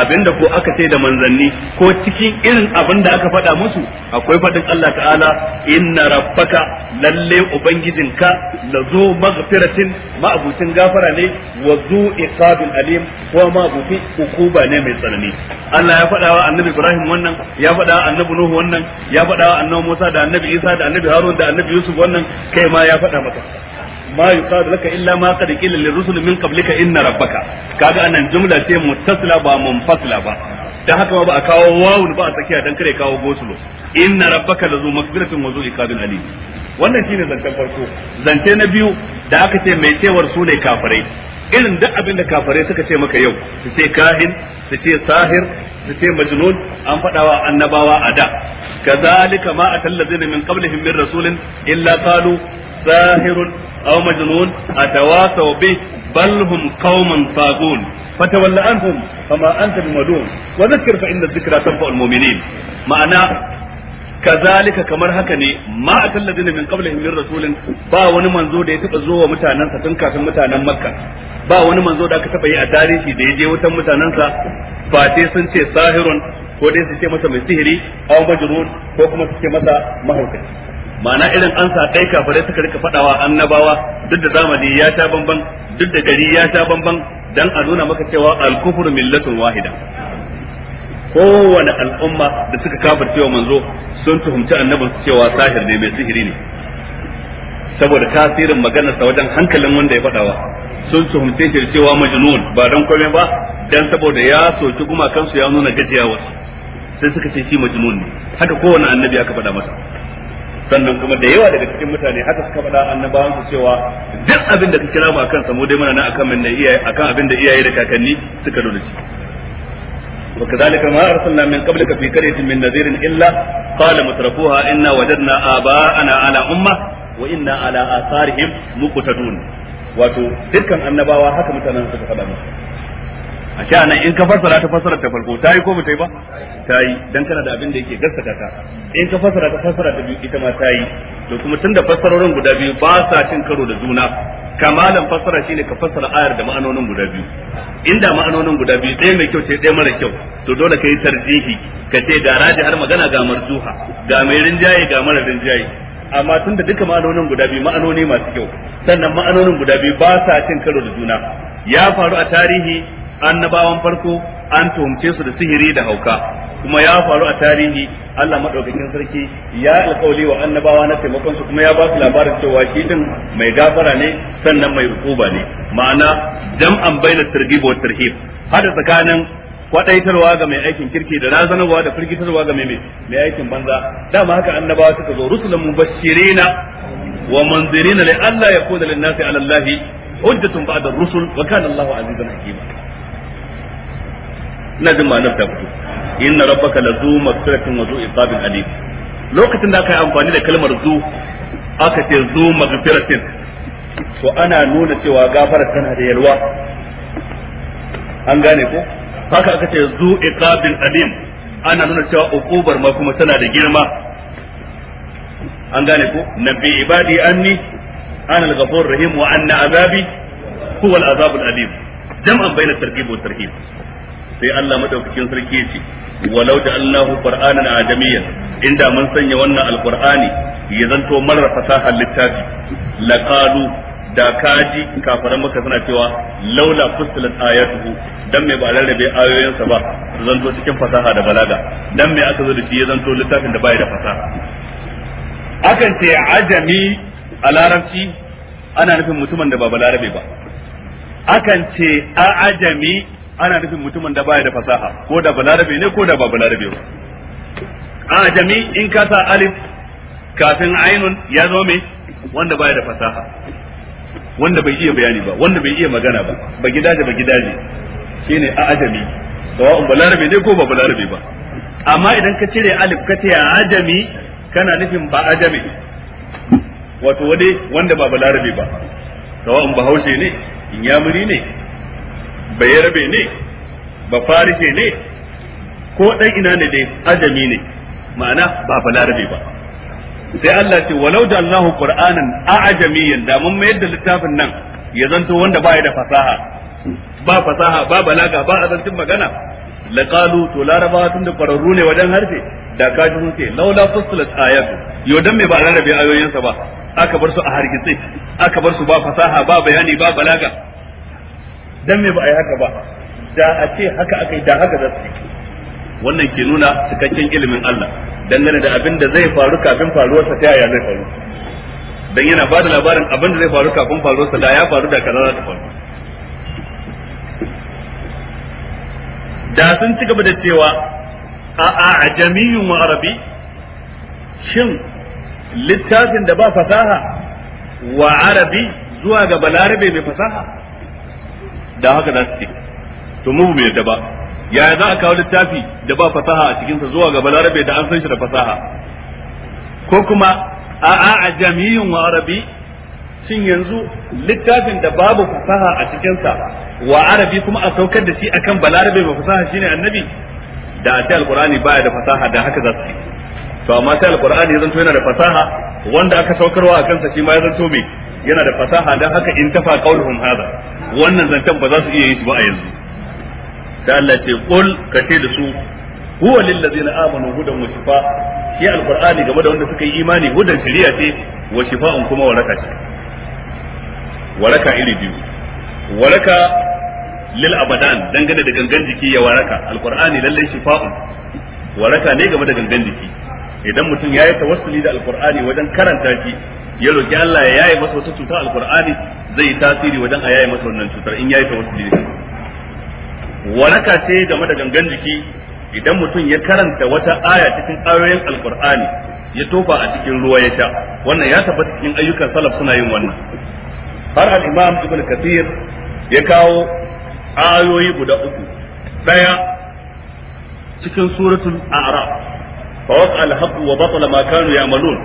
abin da ko aka ce da manzanni ko cikin irin abin da aka faɗa musu akwai faɗin Allah ta'ala inna rabbaka lalle ubangijinka lazu maghfiratin ma'abucin gafara ne wa zu iqabin alim ko ma'abuci ukuba ne mai tsanani Allah ya faɗa wa annabi Ibrahim wannan ya faɗa wa annabi Nuhu wannan ya faɗa wa annabi Musa da annabi Isa da annabi Harun da annabi Yusuf wannan kai ma ya faɗa maka ma yuqad laka illa ma qad qila lirrusul min qablika inna rabbaka kaga anan jumla ce muttasila ba munfasila ba dan haka ba a kawo wawun ba a tsakiya dan kare kawo gosulo inna rabbaka lazu maghfiratin wa zuli iqabin alim wannan shine zancen farko zance na biyu da aka ce mai cewar su ne kafirai irin duk abin da kafare suka ce maka yau su ce kahin su ce sahir su ce majnun an faɗawa annabawa a da kazalika ma atallazina min qablihim min rasulin illa qalu sahirun aw majnun atawasaw bi bal hum qauman tagun fatawalla anhum fama anta bimadun wa dhakkir fa inna dhikra tanfa'ul mu'minin ma'ana kazalika kamar haka ne ma atal min qablihim min rasulin ba wani manzo da ya taba zo wa mutanen sa tun kafin mutanen makka ba wani manzo da aka taba yi a tarihi da ya je wutan mutanen sa ba sai sun ce sahirun ko dai su ce masa mai sihiri aw majnun ko kuma su ce masa mahaukaci ma'ana irin an sa kai kafirai suka rika fadawa annabawa duk da zamani ya ta bamban duk da gari ya ta bamban dan a nuna maka cewa al-kufru millatun wahida kowane al'umma da suka kafar wa manzo sun tuhumci annabin cewa sahir ne mai sihiri ne saboda tasirin maganarsa wajen hankalin wanda ya faɗawa sun tuhumce shi cewa majnun ba dan komai ba dan saboda ya soki kansu ya nuna gajiya wasu sai suka ce shi majnun ne haka kowane annabi aka faɗa masa sannan kuma da yawa daga cikin mutane haka suka faɗa annabawan su cewa duk abin da ka kira mu akan samu dai muna nan akan mun iyaye akan abin da iyaye da kakanni suka dole shi وكذلك ما أرسلنا من قبلك في قرية من نذير إلا قال مترفوها إنا وجدنا آباءنا على أمة وإنا على آثارهم مقتدون wato dukkan annabawa haka mutanen suka faɗa musu a sha nan in ka fassara ta fassara ta farko ta yi ko bata yi ba ta yi dan kana da abin da yake gaskata ta in ka fassara ta fassara ta biyu ita ma ta yi to kuma tunda fassarorin guda biyu ba sa cin karo da juna kamalan fassara shine ka fassara ayar da ma'anonin guda biyu inda ma'anonin guda biyu ɗaya mai kyau ce ɗaya mara kyau to dole ka yi tarjihi ka ce ga raji har magana ga marjuha ga mai rinjaye ga mara rinjaye amma tunda duka ma'anonin guda biyu ma'anoni masu kyau sannan ma'anonin guda biyu ba sa cin karo da juna ya faru a tarihi annabawan farko an tuhumce su da sihiri da hauka kuma ya faru a tarihi Allah madaukakin sarki ya alƙawli wa annabawa na taimakon su kuma ya ba su labarin cewa shi din mai gafara ne sannan mai hukuba ne ma'ana jam'an baina targhib wa tarhib hada tsakanin kwadaitarwa ga mai aikin kirki da razanarwa da firgitarwa ga mai mai aikin banza dama haka annabawa suka zo rusulun mubashirina wa munzirina li alla yakuna lin nasi ala allahi hujjatun ba'da rusul wa kana allahu azizan hakima na jin ma'anar ta fito inna rabbaka lazu maghfiratin wa zu iqabin alim lokacin da aka yi amfani da kalmar zu aka ce zu maghfiratin to ana nuna cewa gafarar tana da yalwa an gane ko haka aka ce zu iqabin alim ana nuna cewa ukubar ma kuma tana da girma an gane ko nabi ibadi anni ana al-ghafur rahim wa anna azabi huwa al-azab al-alim jam'an bayna at-targhib wa at-tarhib sai Allah madaukakin sarki yace walau da Allahu qur'anan adamiyyan inda mun sanya wannan alqur'ani ya zanto marar fasaha littafi laqalu da kaji kafaran maka suna cewa laula fustilat ayatuhu dan me ba rarrabe ayoyinsa ba zanto cikin fasaha da balaga dan me aka zo da shi ya zanto littafin da bai da fasaha akan ce ajami a larabci ana nufin mutumin da ba balarabe ba akan ce a ajami ana nufin mutumin da baya da fasaha ko da balarabe ne ko da ba balarabe ba a jami in ka sa alif kafin ainun ya zo me wanda baya da fasaha wanda bai iya bayani ba wanda bai iya magana ba ba gidaje ba gidaje shine a ajami sawa'un balarabe ne ko ba balarabe ba amma idan ka cire alif ka ce ajami kana nufin ba ajami wato wani wanda ba balarabe ba sawa'un bahaushe ne inyamuri ne rabe ne ba farishe ne ko dan ina ne dai ajami ne ma'ana ba fa larabe ba sai Allah ce walau da Allahu Qur'anan a'jamiyyan da mun mayar da littafin nan ya zanto wanda ba ya da fasaha ba fasaha ba balaga ba azantin magana laqalu to laraba tun da kwararru ne wajen harfe da ka ji ce laula fasalat ayat yau dan me ba larabe ayoyinsa ba aka bar su a hargitse aka bar su ba fasaha ba bayani ba balaga dan me ba a yi haka ba da a ce haka aka yi da haka za su yi wannan ke nuna cikakken ilimin Allah dangane da abin da zai faru kafin faruwarsa ta yaya zai faru dan yana bada labarin abin da zai faru kafin faruwarsa da ya faru da kaza ta faru da sun ci gaba da cewa a ajamiyyun wa arabi shin littafin da ba fasaha wa arabi zuwa ga balarabe mai fasaha da haka za su ce to mu bai yadda ba yaya za a kawo littafi da ba fasaha a cikinsa zuwa ga balarabe da an san shi da fasaha ko kuma a a a jami'in wa arabi shin yanzu littafin da babu fasaha a cikinsa wa arabi kuma a saukar da shi akan balarabe ba fasaha shine annabi da a ce alqur'ani baya da fasaha da haka za su ce to amma sai alqur'ani ya to yana da fasaha wanda aka saukarwa a kansa shi ma ya zanto me yana da fasaha dan haka in tafa qauluhum hada wannan zancen ba za su iya yi shi ba a yanzu da Allah ce qul ka ce da su huwa lil ladzina amanu hudan wa shifa shi alqur'ani game da wanda suka yi imani hudan shari'a ce wa shifa'un kuma waraka ce waraka iri biyu waraka lil abadan dangane da gangan jiki ya waraka alqur'ani lalle shifa'un waraka ne game da gangan jiki idan mutum ya yi tawassuli da alqur'ani wajen karanta shi ya roki Allah ya yaye masa wata cuta alqur'ani zai yi tasiri wajen a yaye masa wannan cutar in yayi tawassuli da waraka ce game da gangan jiki idan mutum ya karanta wata aya cikin ayoyin alkur'ani ya tofa a cikin ruwa ya sha wannan ya tabbata cikin ayyukan salaf suna yin wannan har al-imam ibn kathir ya kawo ayoyi guda uku ɗaya cikin suratul a'raf fa waqa al-haqqu wa batala ma kanu ya'malun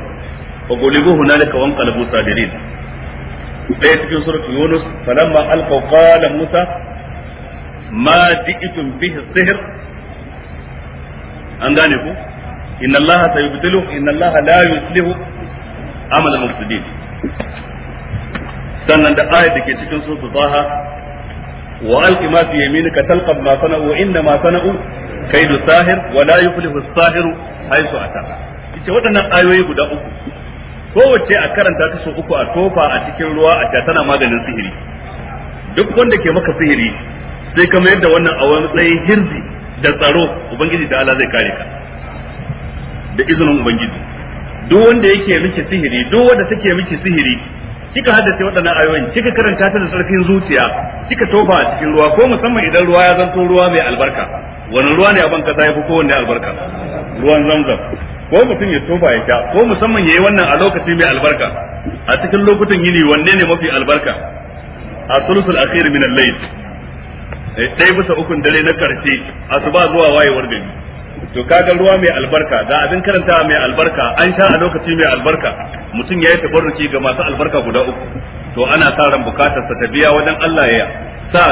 fa qulibu hunalika wa sadirin ɗaya cikin suratul yunus falamma musa ma bihi an gane ku inna allaha sayubtilu inna allaha la yuslihu amal mufsidin sannan da ayat cikin wa alqi ma fi yaminika talqab ma sana'u inna ma sana'u kaidu sahir wa la yuflihu as-sahiru haythu ata ita waɗannan ayoyi guda uku kowace a karanta ta so uku a tofa a cikin ruwa a tana maganin sihiri duk wanda ke maka sihiri sai ka mayar da wannan a wani tsayin hirzi da tsaro ubangiji da Allah zai kare ka da izinin ubangiji duk wanda yake miki sihiri duk wanda take miki sihiri kika haddace waɗannan ayoyin kika karanta ta da sarfin zuciya kika tofa a cikin ruwa ko musamman idan ruwa ya zanto ruwa mai albarka wani ruwa ne a ban kasa ya fi kowanne albarka ruwan zamzam ko mutum ya tuba ya sha ko musamman yayi wannan a lokaci mai albarka a cikin lokutan yini wanne ne mafi albarka a sulusul akhir min al-layl dai eh, bisa ukun dare na karshe asuba zuwa wayewar gari to kaga ruwa mai albarka ga abin karanta mai albarka an sha a lokaci mai albarka mutum ya yi tabarruki ga masu albarka guda uku to ana sa ran bukatar ta biya wajen Allah ya sa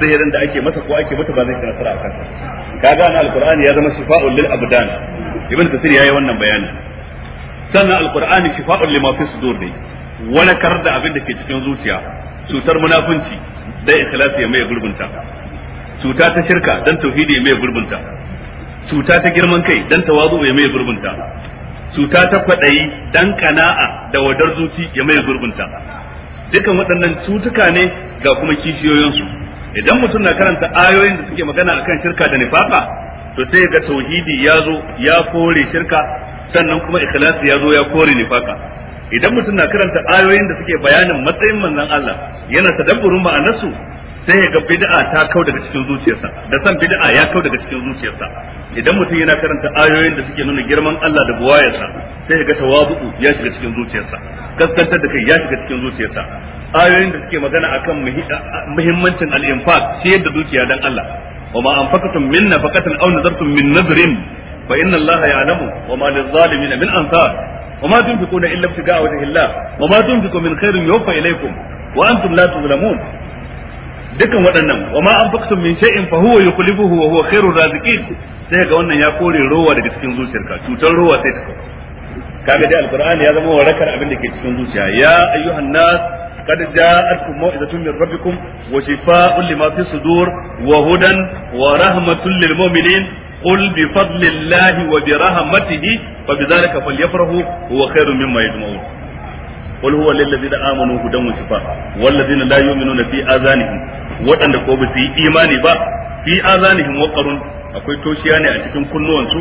sihirin da ake masa ko ake mata ba zai nasara a kansa kaga na alqur'ani ya zama shifa'un lil abdan ibn kasir yayi wannan bayani sannan alqur'ani shifa'un lima fi sudur dai wani karar da abin da ke cikin zuciya cutar munafunci dan ikhlasi ya mai gurbinta cuta ta shirka dan tauhidi ya mai gurbinta cuta ta girman kai dan tawazu ya mai gurbinta cuta ta kwaɗayi dan kana'a da wadar zuci ya mai gurbinta dukan waɗannan cutuka ne ga kuma kishiyoyinsu idan mutum na karanta ayoyin da suke magana akan shirka da nifaka to sai ga tauhidi ya zo ya kore shirka sannan kuma ikhlasi ya zo ya kore nifaka idan mutum na karanta ayoyin da suke bayanin matsayin manzon Allah yana tadabburin ma'anarsu sai ya ga bid'a ta kau daga cikin zuciyarsa da san bid'a ya kau daga cikin zuciyarsa idan mutum yana karanta ayoyin da suke nuna girman Allah da buwayarsa sai ya ga tawabu ya shiga cikin zuciyarsa kaskantar da kai ya shiga cikin zuciyarsa ayoyin da suke magana akan muhimmancin al-infaq shi yadda dukiya dan Allah wa ma anfaqatum min nafaqatin aw nadartum min nadrin fa inna Allah ya'lamu wa ma lil-zalimin min ansar wa ma tunfiquna illa ibtigaa wajhi Allah wa ma tunfiqu min khairin yuwaffa ilaykum wa antum la tuzlamun dukan waɗannan wa ma anfaqtum min shay'in fa huwa yukhlifuhu wa huwa khairur raziqin sai ga wannan ya kore rowa daga cikin zuciyarka cutar rowa sai ta kaga dai alqur'ani ya zama warakar abin da ke cikin zuciya ya ayyuhan nas قد جاءتكم موعظة من ربكم وشفاء لما في الصدور وهدى ورحمة للمؤمنين قل بفضل الله وبرحمته فبذلك فليفرحوا هو خير مما يجمعون قل هو للذين آمنوا هدى وشفاء والذين لا يؤمنون في آذانهم وأن كوب في إيمان با في آذانهم وقر akwai toshiya ne a cikin kunnuwansu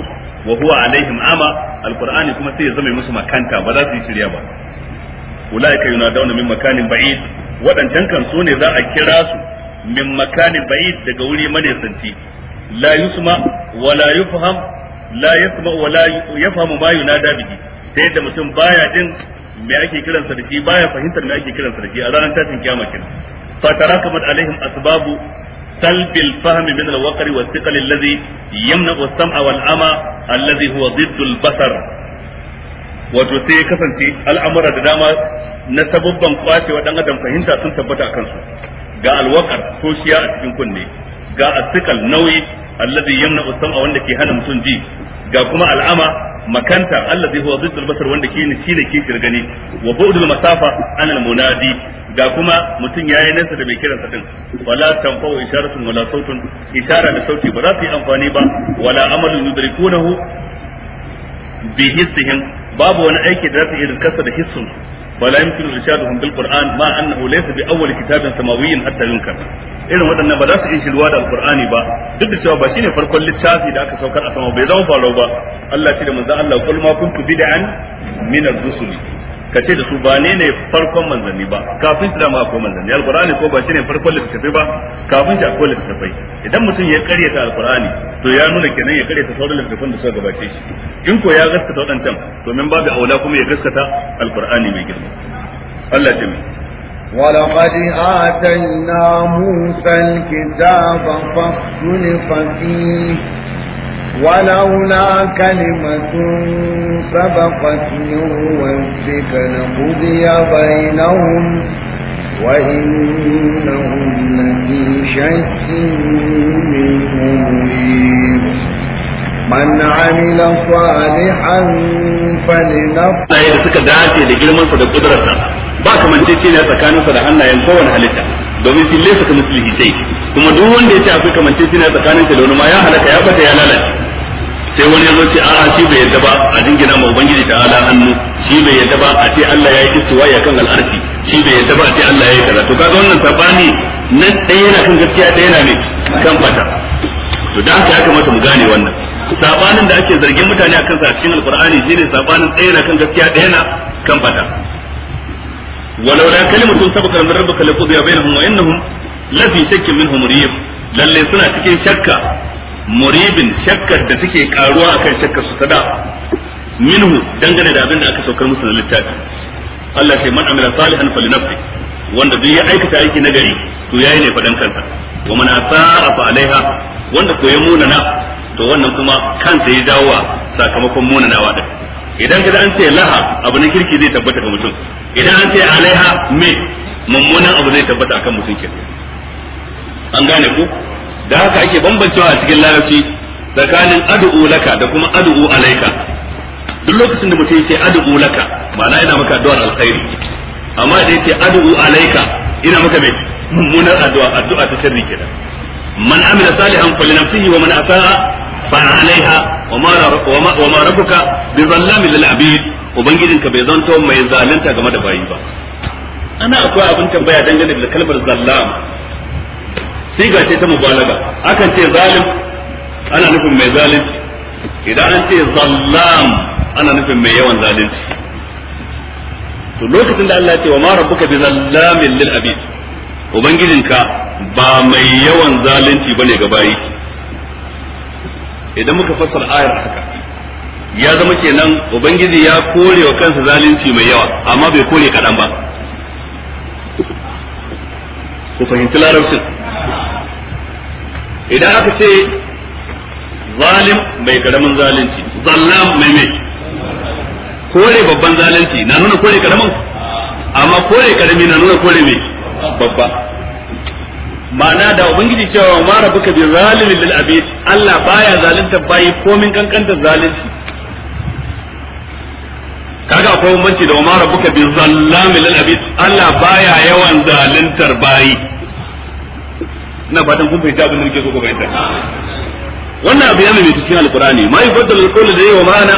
wa huwa alaihim ama alqur'ani kuma sai ya zama musu makanta ba za su yi shirya ba ulaika yunadawna min makanin ba'id wadancan kan su ne za a kira su min makanin ba'id daga wuri manesanci la yusma wa la yufham la yasma wa la yafhamu ma yunada bihi sai da mutum baya jin me ake kiransa da shi baya fahimtar me ake kiransa da shi a ranar tashin kiyama kenan fa tarakamat alaihim asbabu سلب الفهم من الوقر والثقل الذي يمنع السمع والعمى الذي هو ضد البصر wato sai ya kasance al'amura da dama na sababban kwacewa dan adam fahimta sun tabbata kansu ga alwakar toshiya a cikin kunne ga asikal nauyi alladhi yamna a wanda ke hana mutum ji ga kuma al'ama makanta allazi huwa zidul basar wanda ke ne shine ke kirgani wa bu'dul masafa anil munadi ga kuma mutum yayi nesa da bai kiran sa din wala tanfa'u isharatun wala sautun ishara da sauti ba za su yi amfani ba wala amalun yudrikunahu bi babu wani aiki da zaka irin kasa da hissun wala yumkinu irshaduhum bil qur'an ma annahu laysa bi awwal kitabin samawiyyin hatta yunkar irin waɗannan ba za su iya shirwa da alqur'ani ba duk da cewa ba shine farkon littafi da aka saukar a sama bai zama faro ba Allah shi da manzo Allah kul ma kuntu bid'an min ar-rusuli ka ce da su ba ne ne farkon manzanni ba kafin su dama akwai manzanni alqur'ani ko ba shine farkon littafi ba kafin shi akwai littafai idan mutum ya karyata alqur'ani to ya nuna kenan ya karyata sauran littafan da suka gabace shi in ko ya gaskata wadancan to min babu aula kuma ya gaskata alqur'ani mai girma Allah ya ولقد آتينا موسى الكتاب فاختلف فيه ولولا كلمة سبقت من ربك لقضي بينهم وإنهم لفي شك منه مريب من عمل صالحا فلنفسه لا يسكت دعاتي لجلمان صدق قدرتنا ba kamantacce ne tsakaninsa da hannayen kowane halitta domin sun lesa ka kuma duk wanda ya ce akwai kamantacce ne tsakaninsa da wani ma ya halaka ya bata ya lalace sai wani ya ce a'a shi bai yadda ba a jingina ma ubangiji ta ala hannu shi bai yadda ba a ce Allah ya yi istiwa ya kan al'arfi shi bai yadda ba a ce Allah ya yi kaza to kaga wannan sabani na ɗaya yana kan gaskiya ɗaya yana ne kan fata to da haka ya kamata mu gane wannan sabanin da ake zargin mutane akan sa cikin alqur'ani shine sabanin ɗaya yana kan gaskiya ɗaya yana kan fata ولولا كلمة سبقت من ربك لقضي بينهم وإنهم لفي شك منهم مريب للي suna cikin shakka. muribin shakkar da take karuwa akan shakkar su ta da minhu dangane da abin da aka saukar musu na littafi Allah sai man amila salihan linafsi wanda duk ya aikata aiki na gari to yayi ne fadan kansa wa man asara fa alaiha wanda ko ya munana to wannan kuma kansa ya dawo sakamakon munanawa din idan kaga an ce laha abu na kirki zai tabbata ga mutum idan an ce alaiha me mummunan abu zai tabbata akan mutum kenan an gane ku da haka ake bambancewa a cikin larabci tsakanin ad'u laka da kuma ad'u alaika duk lokacin da mutum yake ad'u laka ma'ana ina maka addu'ar alkhairi amma idan yake ad'u alaika ina maka mai mummunar addu'a addu'a ta sirri kenan man amila salihan falinafsihi wa man asaa fa alaiha wa ma wa ma rabbuka bi zallamin lil abid bai zanto mai zalunta game da bayi ba ana akwai abin tambaya dangane da kalmar zallam siga ce ta mubalaga akan ce zalim ana nufin mai zalunci idan an ce zallam ana nufin mai yawan zalunci to lokacin da Allah ya ce wa ma rabbuka bi zallamin lil abid ubangijinka ba mai yawan zalunci bane ga bayi idan muka fassara ayar haka ya zama kenan ubangiji ya kore wa kansa zalunci mai yawa amma bai kore kadan ba ku fahimci larabcin idan aka ce zalim mai karamin zalunci zallam mai mai kore babban zalunci na nuna kore karamin amma kore karami na nuna kore mai babba ma'ana da ubangiji cewa ma rabbuka bi zalimin lil abid Allah baya zalunta bayi komin kankantar zalunci kaga akwai bambanci da ma rabbuka bi zallamin lil abid Allah baya yawan zaluntar bayi ina fatan kun fahimta abin da nake so ku fahimta wannan abu yana mai cikin alqur'ani ma yufaddal alqawl da yawa ma'ana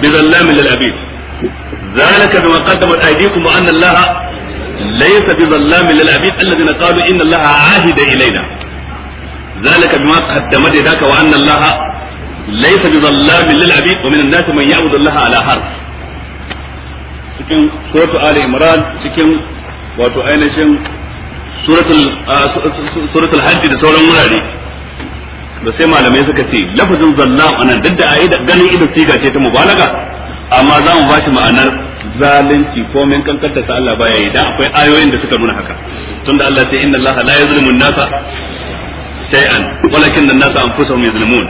bi zallamin lil abid zalika bima qaddamat aydikum wa anna allaha laysa bi zallamin lil abid alladhina qalu inna allaha ahida ilayna ذلك بما قدمت يداك وأن الله ليس بظلام للعبيد ومن الناس من يعبد الله على حرف cikin suratu ali imran cikin wato ainihin Ah, suratul hajji da sauran wurare da sai malamai suka ce lafazin zallam anan duk da da ganin ido siga ce ta mubalaga amma za mu bashi ma'anar zalunci ko min kankanta ta Allah baya yi dan akwai ayoyin da suka nuna haka tunda Allah sai inna Allah la yuzlimu an-nasa shay'an walakin an-nasa anfusahum yuzlimun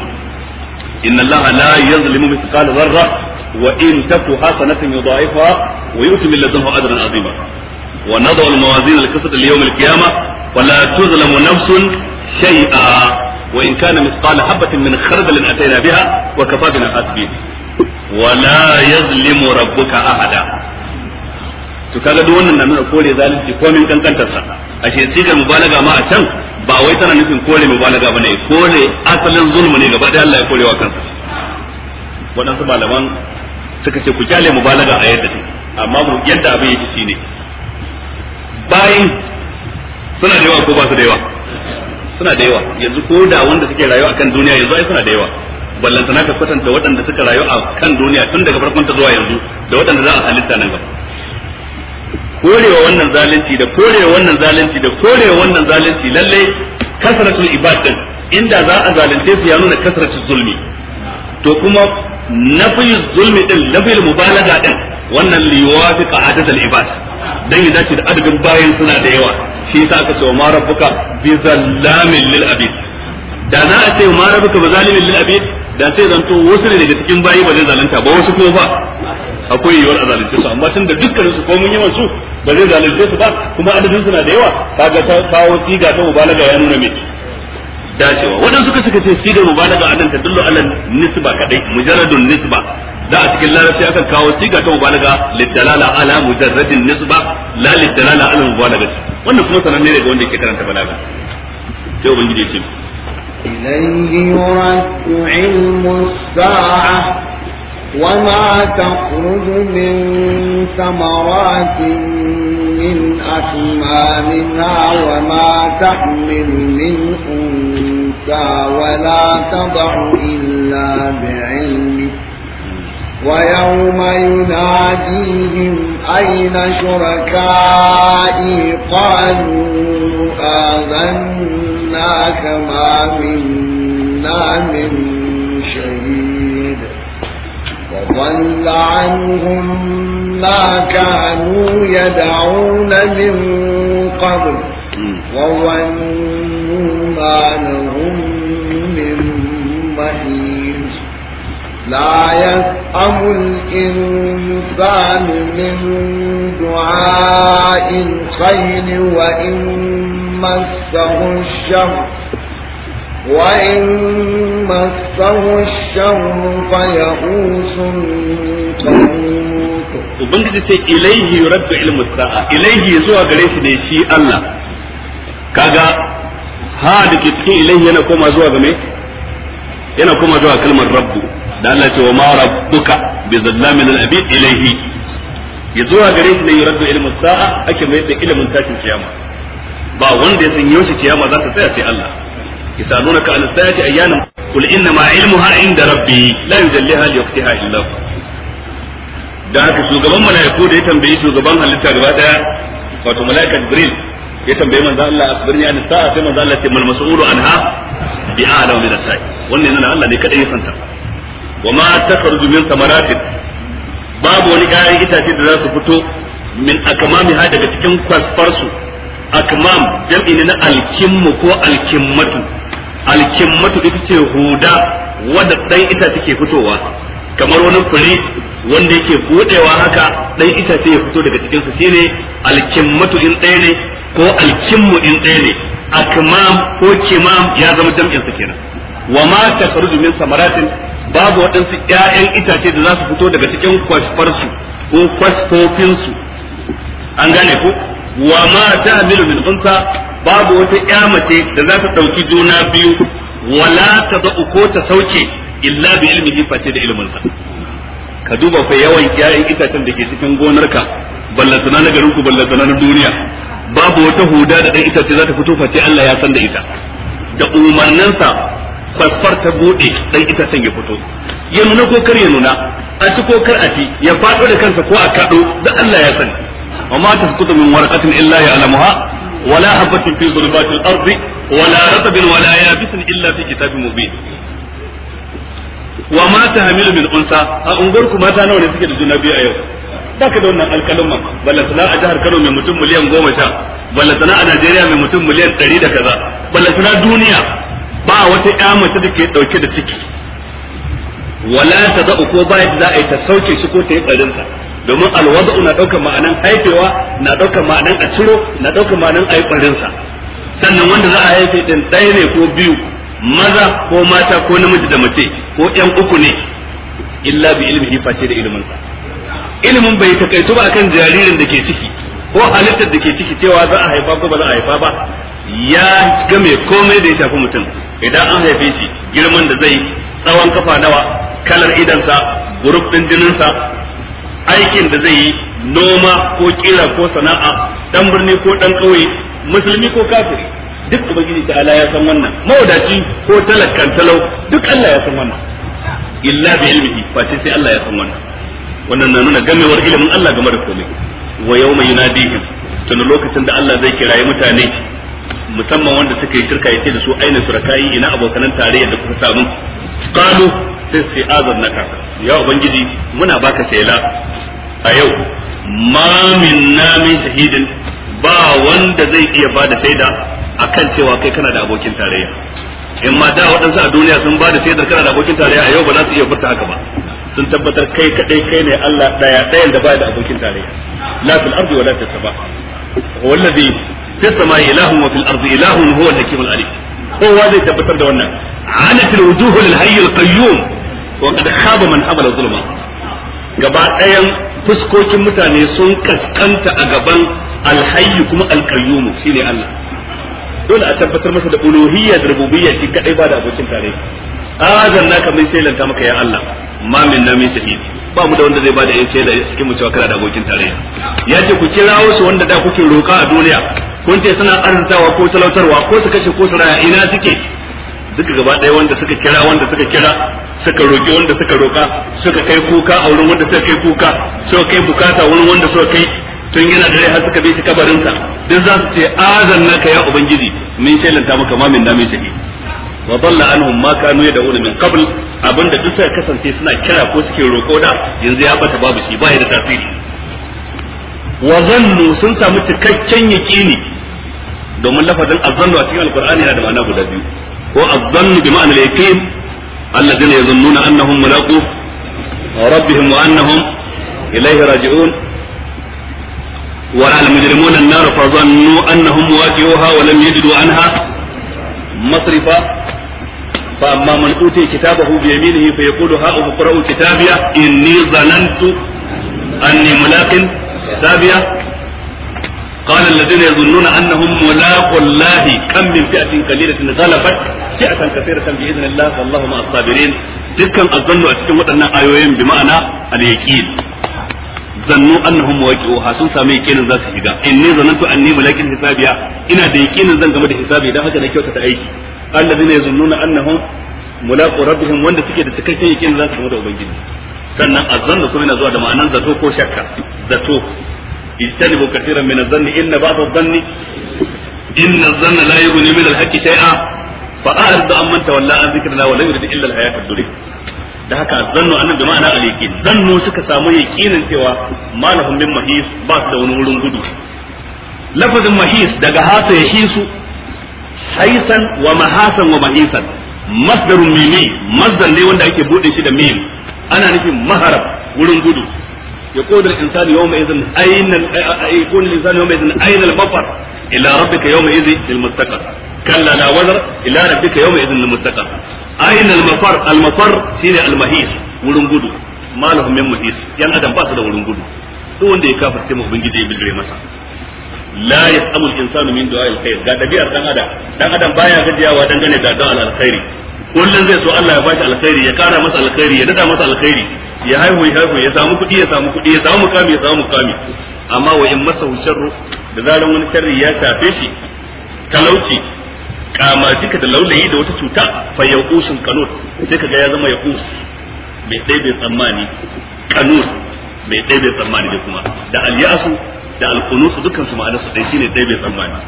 inna Allah la yuzlimu mithqala dharra wa in taku hasanatan yudha'ifha wa yu'ti min ladunhu ajran 'azima wa nadu al mawazin al qisṭ li yawm al qiyamah fala tuzlamu nafsun shay'a wa to kaga duk wannan na nuna kore zalunci ko min kankantar sa ashe sigar mubalaga ma a can ba wai tana nufin kore mubalaga bane kore asalin zulmi ne gaba da Allah ya korewa kansa waɗansu malaman suka ce ku kyale mubalaga a yadda amma mu yadda abin yake shine bayin suna da yawa ko ba su da yawa suna da yawa yanzu ko da wanda suke rayuwa akan duniya yanzu ai suna da yawa ballantana ka kwatanta waɗanda suka rayu a kan duniya tun daga farkon ta zuwa yanzu da waɗanda za a halitta nan gaba korewa wannan zalunci da korewa wannan zalunci da korewa wannan zalunci lalle kasratul ibad inda za a zalunce su ya nuna kasratul zulmi to kuma nafiy zulmi din nafiyul mubalaga din wannan liwafiqa adatul ibad dan ya dace da adadin bayan suna da yawa shi yasa aka ce wa ma rabbuka bi zallamin lil abid da na a ce ma rabbuka bi zalimin lil abid da sai zanto wasu ne daga cikin bayi ba zai zalunta ba wasu ko ba akwai yiwuwar a zalunce su amma tun da dukkan su ko mun yi su ba zai zalunce su ba kuma adadin suna da yawa kaga ta kawo siga ta mubalaga ya nuna me dacewa waɗansu suka suka ce sigar mubalaga nan ta dullu alal nisba kadai mujarradun nisba da a cikin larabci akan kawo siga ta mubalaga lidalala ala mujarradin nisba la lidalala ala mubalaga wannan kuma sananne ne ga wanda yake karanta balaga sai ubangiji ya ce ilayhi yuraddu ilmu sa'a وما تخرج من ثمرات من أكمامها وما تحمل من أنثى ولا تضع illa بعلمه ويوم يناديهم أين شركائي قالوا آذنا كما منا من شهيد وضل عنهم ما كانوا يدعون من قبل وظنوا ما نظر لا يسأم الإنسان من دعاء الخير وإن مسه الشر وإن مسه الشر فيئوس Ubangiji ce ilaihi raddu ilmu sa'a ilaihi zuwa gare shi ne shi Allah kaga ha da ke cikin ilaihi yana koma zuwa ga yana koma zuwa kalmar rabbu da Allah ce wa ma rabbuka bi zallamin al abid ilayhi ya zuwa gare shi ne yuraddu ilmu sa'a ake mai da ilimin tashin kiyama ba wanda ya san yaushe kiyama za ta tsaya sai Allah ka an sa'ati ayyana qul inna ma ilmuha inda rabbi la yujalliha li waqtiha illa hu da haka shugaban mala'iku da ya tambayi shugaban halitta gaba daya wato mala'ika jibril ya tambayi manzo Allah asbirni an sa'a sai manzo Allah ce mal mas'ulu anha bi a'lamu min as-sa'i wannan yana Allah ne kada ya santa wa ma takhruju min thamaratin babu wani ƴaƴan itace da za su fito min akmami ha daga cikin kwasfarsu akmam jam'i ne na alkimmu ko alkimmatu alkimmatu ita ce huda wadda itace ke fitowa kamar wani fure wanda yake budewa haka ɗan itace ya fito daga cikin su shine alkimmatu in ɗaya ne ko alkimmu in ɗaya ne akmam ko kimam ya zama su kenan wa ma takhruju min samaratin babu waɗansu ƴaƴan itace da za su fito daga cikin kwasfarsu ko kwasfofinsu an gane ko wa ma hamilu min unsa babu wata ƴa mace da za ta ɗauki juna biyu wala ta za'u ko ta sauke illa bi ilmihi face da ilminsa ka duba fa yawan ƴaƴan itacen da ke cikin gonarka ballatana na garinku ballatana na duniya babu wata huda da ɗan itace za ta fito face Allah ya san da ita da umarninsa kwasfar ta bude dan itacen ya fito ya nuna ko kar ya nuna a ci ko kar a ci ya fado da kansa ko a kado da Allah ya sani amma ta fukutu min warqatin illa ya ya'lamuha wala habatin fi zulmatil ardi wala ratabin wala yabisin illa fi kitabin mubin wa ma tahmilu min unsa a ku mata nawa ne suke da juna biyu a yau baka da wannan Balla sana a jihar Kano mai mutum miliyan goma sha sana a Najeriya mai mutum miliyan ɗari da kaza Balla sana duniya ba wata ƴa mace da ke dauke da ciki wala ta za'u ko ba za a yi ta sauke shi ko ta yi ɓarinsa domin alwada'u na daukar ma'anan haifewa na daukar ma'anan a ciro na daukar ma'anan a yi ɓarinsa. sannan wanda za a haife din ɗaya ne ko biyu maza ko mata ko namiji da mace ko ƴan uku ne illa bi ilmihi face da ilimin sa ilimin bai takaitu ba akan jaririn da ke ciki ko halittar da ke ciki cewa za a haifa ko ba za a haifa ba ya game komai da ya shafi mutum idan an haife shi girman da zai tsawon kafa nawa kalar idansa gurub din jininsa aikin da zai yi noma ko kira ko sana'a dan birni ko dan kauye musulmi ko kafiri duk ubangiji ta ala ya san wannan mawadaci ko talakkan talau duk Allah ya san wannan illa bi ilmihi fa sai Allah ya san wannan wannan na nuna gamewar ilimin Allah game da komai wa yawma yunadihim tun lokacin da Allah zai kirayi mutane musamman wanda suka yi shirka yace da su aina surakai ina abokanan tarayya da kuka samu qalu sai sai naka ya ubangiji muna baka shela a yau ma na min shahidin ba wanda zai iya bada shaida akan cewa kai kana da abokin tarayya in ma da waɗansu a duniya sun bada shaidar kana da abokin tarayya a yau ba za su iya furta haka ba sun tabbatar kai kadai kai ne Allah daya dayan da bada abokin tarayya la fil ardi wa la fis sama wallazi fi samai ilahun wa fil ardi kowa zai tabbatar da wannan anatil wujuhu lil hayy al-qayyum wa fuskokin mutane sun a gaban dole a tabbatar masa da uluhiyya da rububiyya shi kadai ba da abokin tare azan naka mai sai lanta maka ya Allah ma min na min shahidi ba mu da wanda zai bada yanke da cikin mu cewa kana da abokin tarayya ya ce ku kirawo su wanda da kuke roka a duniya kun ce suna arzutawa ko talautarwa ko su kashe ko su raya ina suke duka gaba ɗaya wanda suka kira wanda suka kira suka roki wanda suka roka suka kai kuka a wurin wanda suka kai kuka suka kai bukata wurin wanda suka kai tun yana da rai har suka bi shi kabarinsa duk za su ce azan naka ya ubangiji min shelanta maka ma min da min wa dalla anhum ma kanu yad'una min qabl abinda duk suka kasance suna kira ko suke roko da yanzu ya bata babu shi bai da tasiri wa zannu sun samu cikakken yaqini domin lafazin azannu a cikin alqur'ani yana da ma'ana guda biyu ko azannu bi ma'anar yaqin alladhina yazunnuna annahum mulaqu rabbihim wa annahum ilayhi raji'un ورأى المجرمون النار فظنوا أنهم واجهوها ولم يجدوا عنها مصرفا fa amma man utiya kitabahu bi yaminihi fa yaqulu ha uqra'u kitabiya inni zanantu قال الذين يظنون انهم ملاق الله كم من فئه قليله غلبت فئه كثيره باذن الله والله مع الصابرين dukkan azzannu a cikin waɗannan ayoyin bi ma'ana zannu annahum waqi'uha sun sami yaqinin za su shiga inni zanantu anni mulakin hisabiya ina da yaqinin zan game da hisabi dan haka na kyautata aiki alladheena yazunnuna annahum mulaqu rabbihim wanda suke da cikakken yakin za su gamu da ubangiji sannan azzannu kuma yana zuwa da ma'anan zato ko shakka zato ijtanibu katiran min azzanni inna ba'd adh-dhanni inna adh-dhanna la yughni min al-haqqi shay'a fa a'rid amman tawalla an wa illa da haka zannu annabi da ma'ana al zannu suka samu yaqinin cewa malahum min mahis ba su da wani wurin gudu lafazin mahis daga hasa hisu saisan wa mahasan wa mahisan masdarun mimi masdar ne wanda ake buɗe shi da mim ana nufin maharab wurin gudu wurin gudu malahum ya kafa sai ubangiji ya bilgire masa la yasamu al-insanu min du'a al ga dabi'ar dan adam dan adam baya gajiyawa dangane da addu'a al-khairi kullun zai so Allah ya bashi alkhairi ya kara masa alkhairi ya dada masa alkhairi ya haihu ya haihu ya samu kuɗi ya samu kuɗi ya samu mukami ya samu mukami amma wa in masahu sharru da zaran wani sharri ya tafe shi talauci kama jika da laulayi da wata cuta fa yaqushin kanun sai kaga ya zama yaqus mai ɗaya bai tsammani kanun mai ɗaya bai tsammani da kuma da al-ya'su da alkunusu dukkan su ma'anar su dai shine dai bai tsammani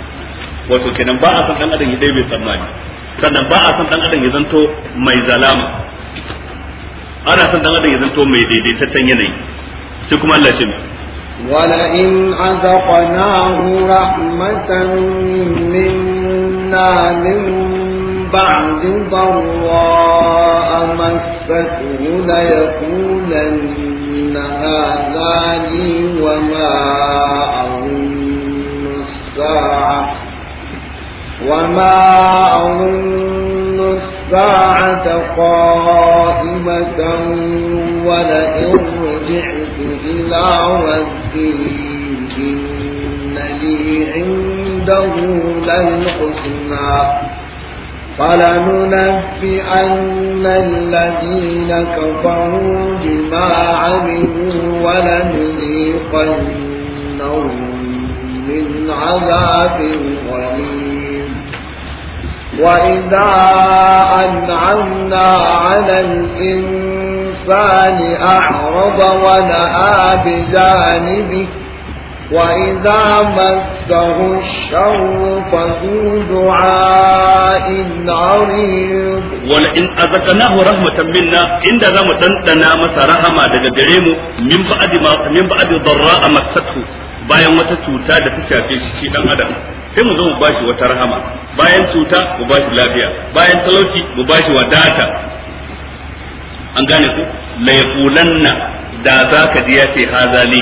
wato kenan ba a san dan adam ya dai bai tsammani sannan ba a san dan adam ya zanto mai zalama ana san dan adam ya zanto mai daidaitaccen yanayi sai kuma Allah ya wala in أذقناه rahmatan minna min بعد ضراء مسته ليقولن إن هذا لي وما أظن الساعة وما أظن الساعة قائمة ولئن رجعت إلى ربي إن لي عنده للحسنى فلننبئن الذين كفروا بما عملوا ولنذيقنهم من عذاب غليظ وإذا أنعمنا على الإنسان أعرض ونأى بجانبه وإذا مسه الشر فذو دعاء عريض ولئن أذقناه رحمة منا إن ذا متنتنا مس رحمة دجريم من بعد ما من بعد ضراء مسته bayan wata cuta da ta shafe shi shi dan adam sai mu zo mu bashi wata rahama bayan cuta mu bashi lafiya bayan talauci mu bashi wadata an gane ku la yaqulanna da zaka ji ya ce hazali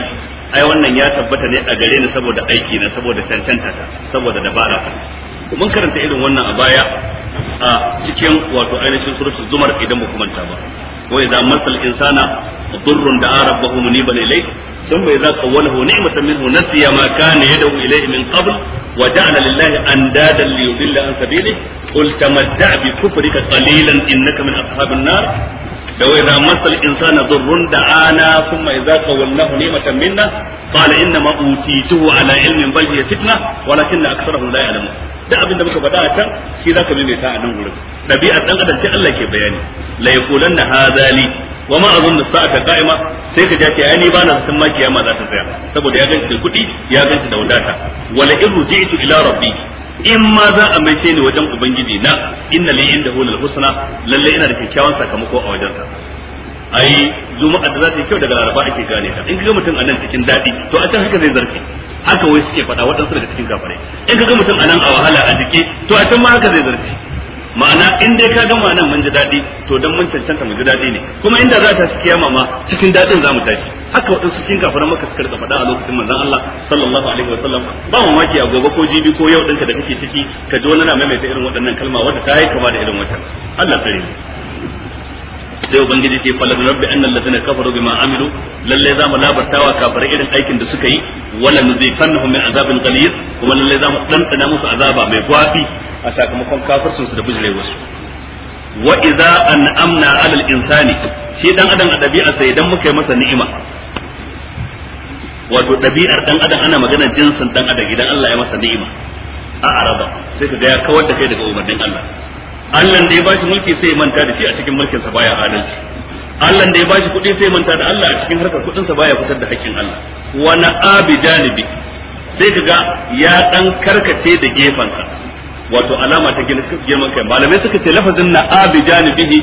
ai wannan ya tabbata ne a gare ni saboda aiki na saboda cancanta ta saboda dabara ta mun karanta irin wannan a baya a cikin wato ainihin suratul zumar idan ba manta ba wa idza masal insana dhurrun da'a rabbahu muniban ilayhi thumma idza qawwalahu ni'matan minhu nasiya ma kana yad'u ilayhi min qabl wa ja'ala lillahi andadan liyudilla an sabilihi qul tamattaa bi kufrika qalilan innaka min ashabin nar da wai za masal insana durrun da ana kuma idza qawalnahu ni'matan minna qala inna ma utituhu ala ilmin bal hiya fitna walakinna aktharuhum la ya'lamun da abin da muka faɗa a can shi zaka maimaita a nan gurin dabi'ar dan adam sai Allah ke bayani la yaqulanna hadali wa ma azun sa'ata qa'ima sai ka jace ai ni ba na makiya ma kiyama za ta tsaya saboda ya ganci da kuɗi. ya ganci da wadata wala in ruji'tu ila rabbi in ma za a mai ni wajen ubangiji na inna li inda hulul husna lalle ina da kyakkyawan sakamako a wajen ta ai juma'a da za ta yi kyau daga laraba ake gane ta in ga mutum anan cikin dadi to a can haka zai zarfi haka wai suke faɗa waɗansu daga cikin kafirai in ga mutum anan a wahala a jiki to a can ma haka zai zarfi ma'ana in dai ka ga nan mun ji daɗi to dan mun cancanta mu ji daɗi ne kuma inda za ta kiyama ma cikin daɗin za mu tashi haka waɗansu cikin kafar maka suka rika faɗa a lokacin manzon Allah sallallahu alaihi wa sallam ba mamaki a gobe ko jibi ko yau ɗinka da kake ciki ka ji wani na maimaita irin waɗannan kalma wanda ta yi kama da irin wata Allah tsare sai ubangiji ce falad rabbi annal ladina kafaru bima amilu lalle za mu labartawa kafirai irin aikin da suka yi wala nuzifannahum min azabin qalil kuma lalle za mu dantana musu azaba mai gwafi a sakamakon kafirsun su da bijirewa su wa idza an'amna 'ala al-insani shi dan adam a dabi'a sai idan muka yi masa ni'ima wato dabi'ar dan adam ana magana jinsin dan adam idan Allah ya masa ni'ima a araba sai ka ga ya kawar da kai daga umarnin Allah Allah da ya bashi mulki sai ya manta da shi a cikin mulkin sa baya adalci Allah da ya bashi kuɗi sai ya manta da Allah a cikin harkar kuɗin sa baya fitar da hakkin Allah wa na abi janibi sai kaga ya dan karkace da gefansa wato alama ta girman kai malamai suka ce lafazin na abi janibi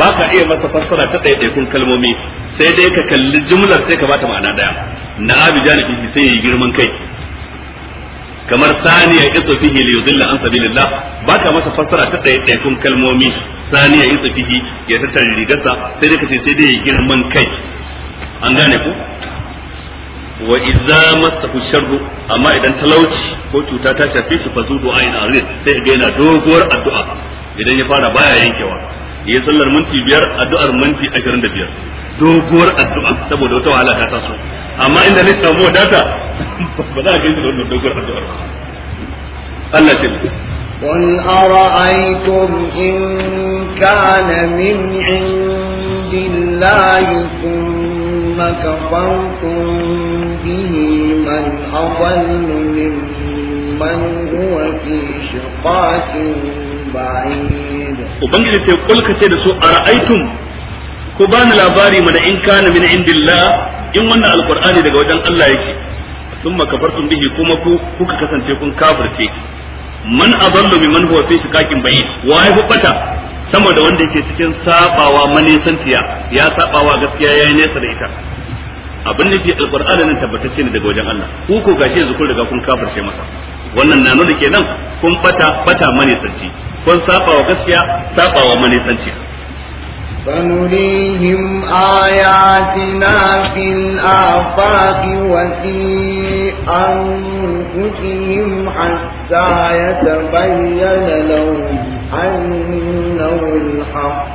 ba ka iya masa fassara ta ɗaiɗaikun kalmomi sai dai ka kalli jumlar sai ka bata ma'ana daya na abi janibi sai ya yi girman kai kamar saniya isa fihi li yudilla an sabilillah baka masa fassara ta ɗaya kun kalmomi saniya isa fihi ya tattara rigarsa sai dai kace sai dai ya girman kai an gane ku wa idza masahu sharru amma idan talauci ko cuta ta shafe shi fasudu a arid sai ga yana doguwar addu'a idan ya fara baya yankewa yayi sallar minti biyar addu'ar minti 25 doguwar addu'a saboda wata wahala ta taso amma inda ne samu wadata ba za a gaisa da wannan dogon addu'ar Allah ce قل أرأيتم إن كان من عند الله ثم كفرتم به من أضل ممن هو في شقاق بعيد وبنجد قل كتير سوء أرأيتم ko ba ni labari mana in kana min indillah in wannan alqur'ani daga wajen Allah yake thumma kafartum bihi kuma ku kuka kasance kun kafirce man adallu man huwa fi shikakin bayyin wa ku bata sama da wanda yake cikin sabawa manisantiya ya sabawa gaskiya yayi nesa da ita abin da yake alqur'ani nan tabbatacce ne daga wajen Allah ku ko gashi yanzu kun riga kun kafirce masa wannan na nuna kenan kun bata bata manisanci kun sabawa gaskiya sabawa manisanci سنريهم آياتنا في الآفاق وفي أنفسهم حتى يتبين لهم أنه الحق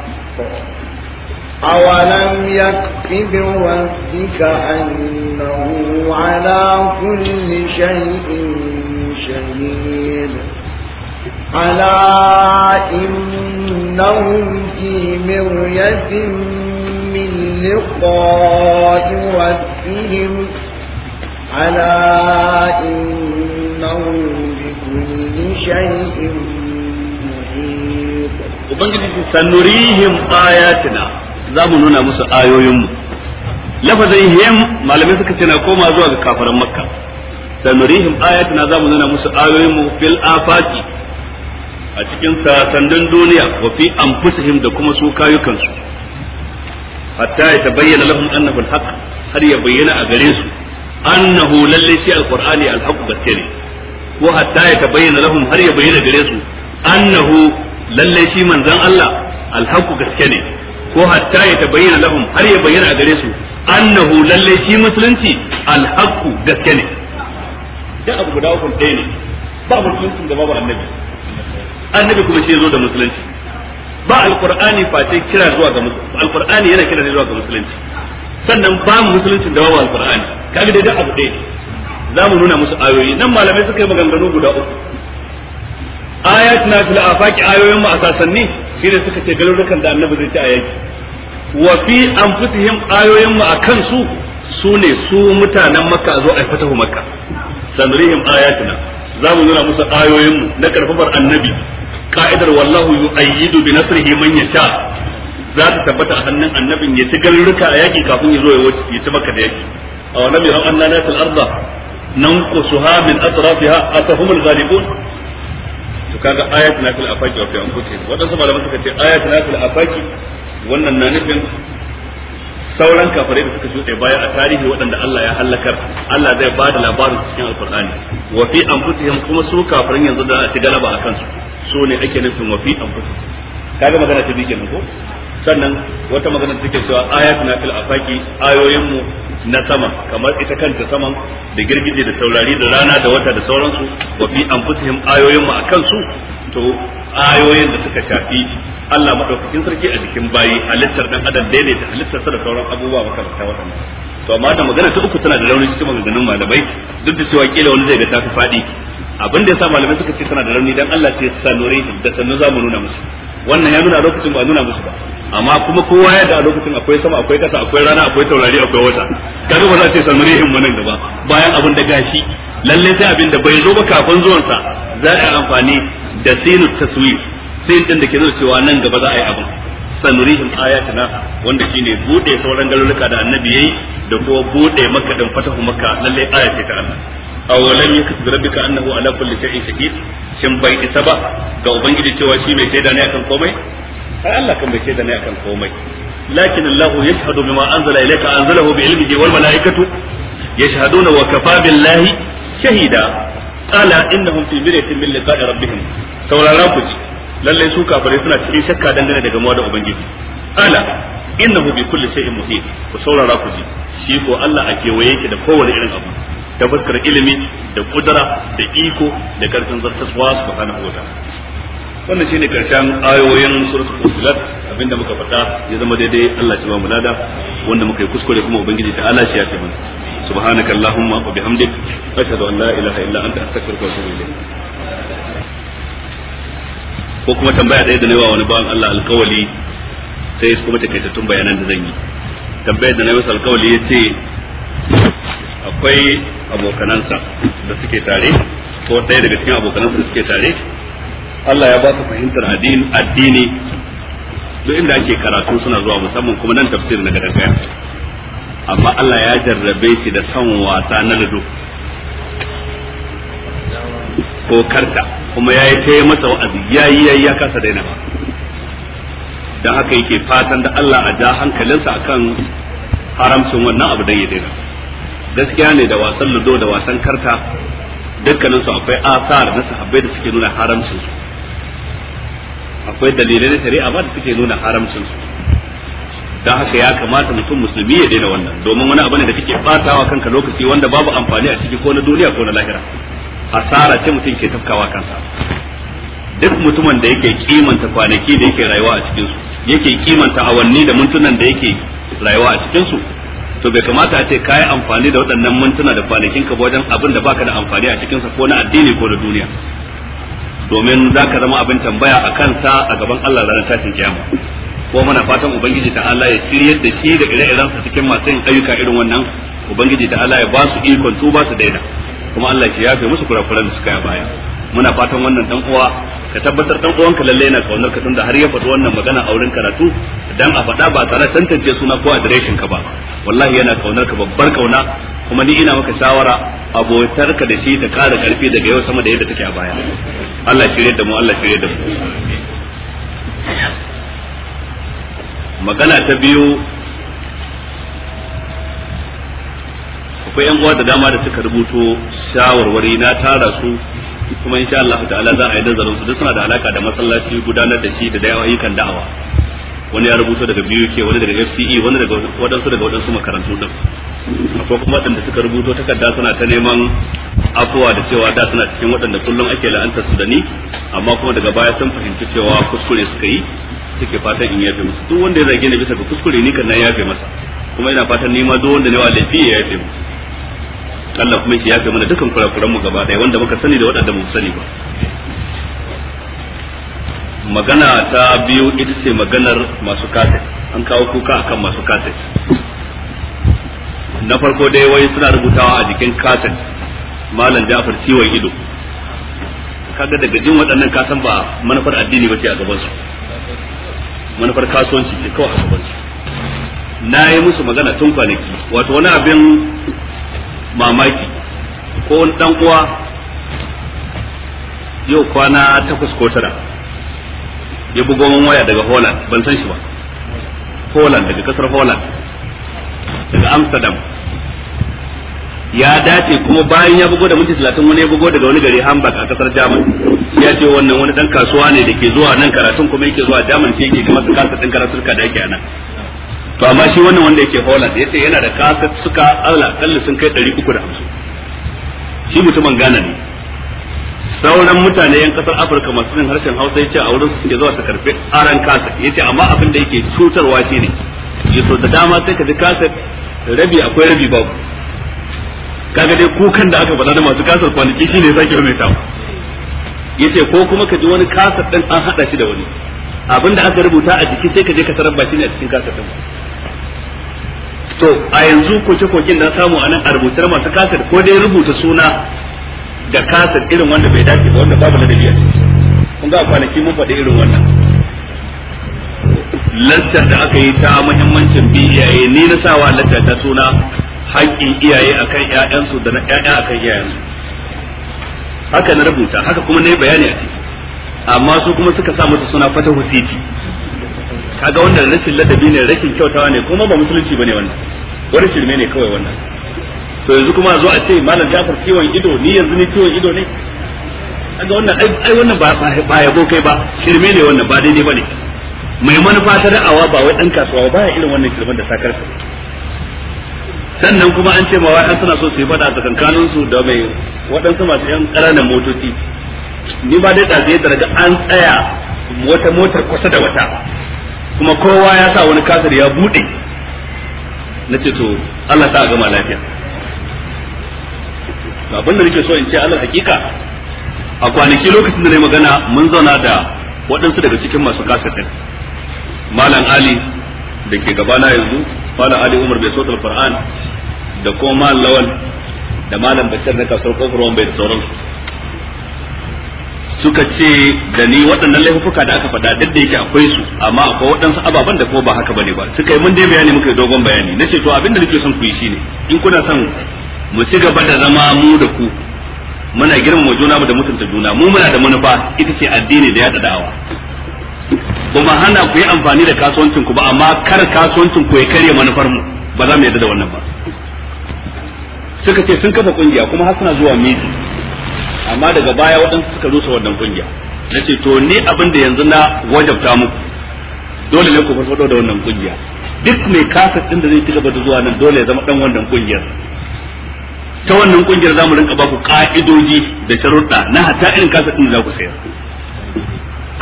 أولم يكف بربك أنه على كل شيء شهيد ألا إن إنهم في مرية من لقاء ربهم ألا إنه بكل شيء محيط Ubangiji sanurihim ayatina za mu nuna musu ayoyinmu lafazin him malamai suka ce na koma zuwa ga kafaran makka sanurihim ayatina za mu nuna musu ayoyinmu fil afaki a cikin sandan duniya wa fi anfusihim da kuma su kayukansu hatta ya bayyana lahum annahu alhaq har ya bayyana a gare su annahu lalle shi alqur'ani alhaq gaske ne ko hatta ya bayyana lahum har ya bayyana gare su annahu lalle shi manzon Allah alhaq gaske ne ko hatta ya bayyana lahum har ya bayyana a gare su annahu lalle shi musulunci alhaq gaske ne da abu guda uku ɗaya ne ba musulunci da babu annabi annabi kuma shi zo da musulunci ba alqur'ani face kira zuwa ga musulunci alqur'ani yana kira ne zuwa ga musulunci sannan ba mu musulunci da wawa alqur'ani kaga dai da abu dai za mu nuna musu ayoyi nan malamai suka yi maganganu guda uku ayatuna fil afaqi ayoyin mu asasanni shine suka ce galurukan da annabi zai ci a wa fi anfusihim ayoyin mu akan su sune su mutanen makka zo a fatahu makka sanrihim ayatuna za mu nuna musu ayoyin mu na karfafar annabi ka'idar wallahu yu'ayyidu bi nasrihi man yasha za ta tabbata a hannun annabin ya ci garurruka a yaki kafin ya zo ya ci maka da yaki a wannan mai ran Allah na arda nanqusuha min atrafiha atahum al-ghalibun to kaga ayat na fil afaki wa fi anfusihim wadansu malaman suka ce ayat na fil afaki wannan na nufin sauran kafirai da suka shuɗe baya a tarihi waɗanda Allah ya halakar Allah zai ba da labarin cikin alkur'ani wa fi anfusihim kuma su kafirin yanzu da ci galaba a kansu so ne ake nufin wa fi anfusikum kaga magana ta bikin ko sannan wata magana take cewa ayatuna fil afaki ayoyin mu na sama kamar ita kanta saman da girgije da saurari da rana da wata da sauransu wa fi anfusihim ayoyin mu akan su to ayoyin da suka shafi Allah madaukakin sarki a jikin bayi halittar dan adam daidaita halittar sa da sauran abubuwa makamanta wannan to amma da magana ta uku tana da launin cikin maganganun malamai duk da cewa kila wani zai ga ta fi faɗi abin da sa malamai suka ce tana da rauni dan Allah ce shi da sannu za mu nuna musu wannan ya nuna lokacin ba nuna musu ba amma kuma kowa ya da a lokacin akwai sama akwai kasa akwai rana akwai taurari akwai wata kaga ba za ce sanurihim nan gaba bayan abin da gashi lalle sai abin da bai zo ba kafin zuwansa za a yi amfani da sinu taswi sai din da ke nuna cewa nan gaba za a yi abin sanurihim ayatuna wanda shine bude sauran garuruka da annabi yayi da kuma bude makka din fatahu makka lalle aya ta Allah aw lam yakzib rabbuka annahu ala kulli shay'in shahid shin bai isa ba ga ubangiji cewa shi mai shaida ne akan komai ai Allah kan bai shaida ne akan komai lakin Allah yashhadu bima anzala ilayka anzalahu bi ilmihi wal malaikatu yashhaduna wa kafa billahi shahida ala innahum fi miryatin min liqa'i rabbihim saurara ku ci lalle su kafirai suna cikin shakka dangane daga gamuwa da ubangiji ala innahu bi kulli shay'in muhit ku saurara ku ji shi ko Allah a kewaye yake da kowane irin abu ta fuskar ilimi da kudura da iko da karfin zartaswa su wa ta'ala wannan shine karshen ayoyin suratul fusilat abinda muka fada ya zama daidai Allah ya ba mu lada wanda muka yi kuskure kuma ubangiji ta Allah shi ya fi mana wa اللهم ashhadu an la ilaha illa anta astaghfiruka wa atubu ilayk ko kuma tambaya ɗaya da nawa wani bawan Allah alkawali sai kuma take ta tun bayanan da zan yi tambayar da na masa alkawali ya ce akwai abokanansa da suke tare ko ɗaya daga cikin abokanansa da suke tare Allah ya ba su fahimtar addini duk inda ake karatu suna zuwa musamman kuma nan tafsir na gadan kaya amma Allah ya jarrabe shi da son wasa na lado ko karta kuma ya yi ta yi masa wa'azi ya yi ya kasa daina ba don haka yake fatan da Allah a ja hankalinsa akan haramcin wannan abu dan ya daina gaskiya ne da wasan ludo da wasan karta dukkanin su akwai asar na sahabbai da suke nuna haramcin su akwai dalilai na shari'a ba da suke nuna haramcin su dan haka ya kamata mutum musulmi ya daina wannan domin wani abu ne da kake batawa kanka lokaci wanda babu amfani a ciki ko na duniya ko na lahira asara ce mutum ke tafkawa kansa duk mutumin da yake kimanta kwanaki da yake rayuwa a cikin su yake kimanta awanni da mintunan da yake rayuwa a cikin su to bai kamata a ce kayi amfani da waɗannan mintuna da kwanakin ka wajen abin da baka da amfani a cikin sa ko na addini ko na duniya domin za ka zama abin tambaya a kansa a gaban Allah ranar tashin kiyama ko muna fatan ubangiji ta Allah ya shiryar da shi da ire-iren sa cikin masu yin ayyuka irin wannan ubangiji ta Allah ya ba su ikon tuba su daida kuma Allah ya yafe musu kurakuran da suka yi baya muna fatan wannan dan uwa ka tabbatar dan uwanka lalle yana kaunar ka tunda har ya faɗi wannan magana a wurin karatu dan a faɗa ba tare tantance suna ko adireshin ka ba wallahi yana kaunar ka babbar kauna kuma ni ina maka shawara abotar ka da shi ta ƙara ƙarfi daga yau sama da yadda take a baya Allah shirye da mu Allah shirye da mu magana ta biyu akwai yan uwa da dama da suka rubuto shawarwari na tara su kuma insha Allah ta'ala za a yi nazarin su duk suna da alaka da masallaci gudanar da shi da dayan ayyukan da'awa wani ya rubuta daga biyu ke wani daga FCE wani daga wadansu daga wadansu makarantu din akwai kuma waɗanda suka rubuto takarda suna ta neman afuwa da cewa da suna cikin waɗanda kullum ake la'antar su da ni amma kuma daga baya sun fahimci cewa kuskure suka yi suke fatan in yafe musu duk wanda ya zage ni bisa ga kuskure ni kan na yafe masa kuma ina fatan ni ma duk wanda ne wa laifi ya yafe musu Allah kuma shi ya fi mana dukan kurakuran mu gaba daya wanda muka sani da waɗanda mu sani ba magana ta biyu ita ce maganar masu kaset an kawo kuka akan masu kaset na farko dai wai suna rubutawa a jikin kaset malam Ja'far ciwon ido kaga daga jin waɗannan kasan ba manufar addini bace a gaban su manufar kasuwanci ce kawai a gaban su na yi musu magana tun kwanaki wato wani abin mamaki ko wani dan uwa yau kwana takwas ko tara ya bugo min waya daga Holland ban san shi ba Holland daga kasar Holland daga Amsterdam ya dace kuma bayan ya bugo da minti talatin wani ya bugo daga wani gari Hamburg a kasar Jamus ya ce wannan wani dan kasuwa ne da ke zuwa nan karatun kuma yake zuwa Jamus sai yake su kasa din karatun ka da yake a nan to amma shi wannan wanda yake Holland ce yana da kasat suka Allah kalli sun kai 350 shi mutumin Ghana ne sauran mutane yan kasar Afirka masu yin harshen Hausa yace a wurin su suke zuwa su karfe aran kasat yace amma abin da yake cutarwa Ya yaso da dama sai ka ji kasat rabi akwai rabi babu kaga dai kukan da aka faɗa da masu kasar kwanaki ne sake mai tawa yace ko kuma ka ji wani kasar din an hada shi da wani abin da aka rubuta a jiki sai ka je ka sarar ba ne a cikin kasar din to a yanzu koke-koken na samu a nan a rubutar masu kasar ko dai rubuta suna da kasar irin wanda bai dace ba wanda babu ladabi a ciki kun ga kwanaki mun faɗi irin wannan lantar da aka yi ta muhimmancin bi iyaye ni na sawa lantar ta suna haƙƙin iyaye akan ƴaƴansu da na ƴaƴa akan iyayensu haka na rubuta haka kuma na yi bayani a ciki amma su kuma suka sa musu suna fatahu siti kaga wannan rashin ladabi ne rashin kyautawa ne kuma ba musulunci bane wannan wani shirme ne kawai wannan to yanzu kuma zo a ce malam Jafar ciwon ido ni yanzu ni ciwon ido ne kaga wannan ai wannan ba ba yabo kai ba shirme ne wannan ba daidai bane mai manufa ta da'awa ba wai dan kasuwa ba ya irin wannan shirmen da sakar sa sannan kuma an ce ma wai suna so su yi fada a kankanin su da mai waɗansu masu yan ƙananan motoci ni ba dai da zai daga an tsaya wata motar kusa da wata kuma kowa ya sa wani kasar ya buɗe, na ce to Allah ta gama lafiya abin da nake so in ce Allah hakika a kwanaki lokacin da na magana mun zauna da waɗansu daga cikin masu kasar din malam ali da ke gabana yanzu malam ali umar bai sautar faran da kuma malam lawal da malam bashir na kasar kofar wani bai da sauransu suka ce da ni waɗannan laifuka da aka faɗa duk da yake akwai su amma akwai waɗansu ababen da kuma ba haka bane ba suka yi mun dai bayani muka yi dogon bayani na ce to abin da nake son ku yi shine in kuna son mu ci gaba da zama mu da ku muna girmama juna mu da mutunta juna mu muna da manufa ita ce addini da yada da'awa ma hana ku yi amfani da kasuwancin ku ba amma kar kasuwancin ku ya karya manufar mu ba za mu yarda da wannan ba suka ce sun kafa kungiya kuma har suna zuwa miji amma daga baya waɗansu suka rusa wannan kungiya na ce to ni abin da yanzu na wajabta muku dole ne ku farfado da wannan kungiya duk mai kasa din da zai ci gaba da zuwa nan dole ya zama dan wannan kungiyar ta wannan kungiyar zamu rinka ba ku ka'idoji da sharuɗa na hatta irin kasa din da za ku sayar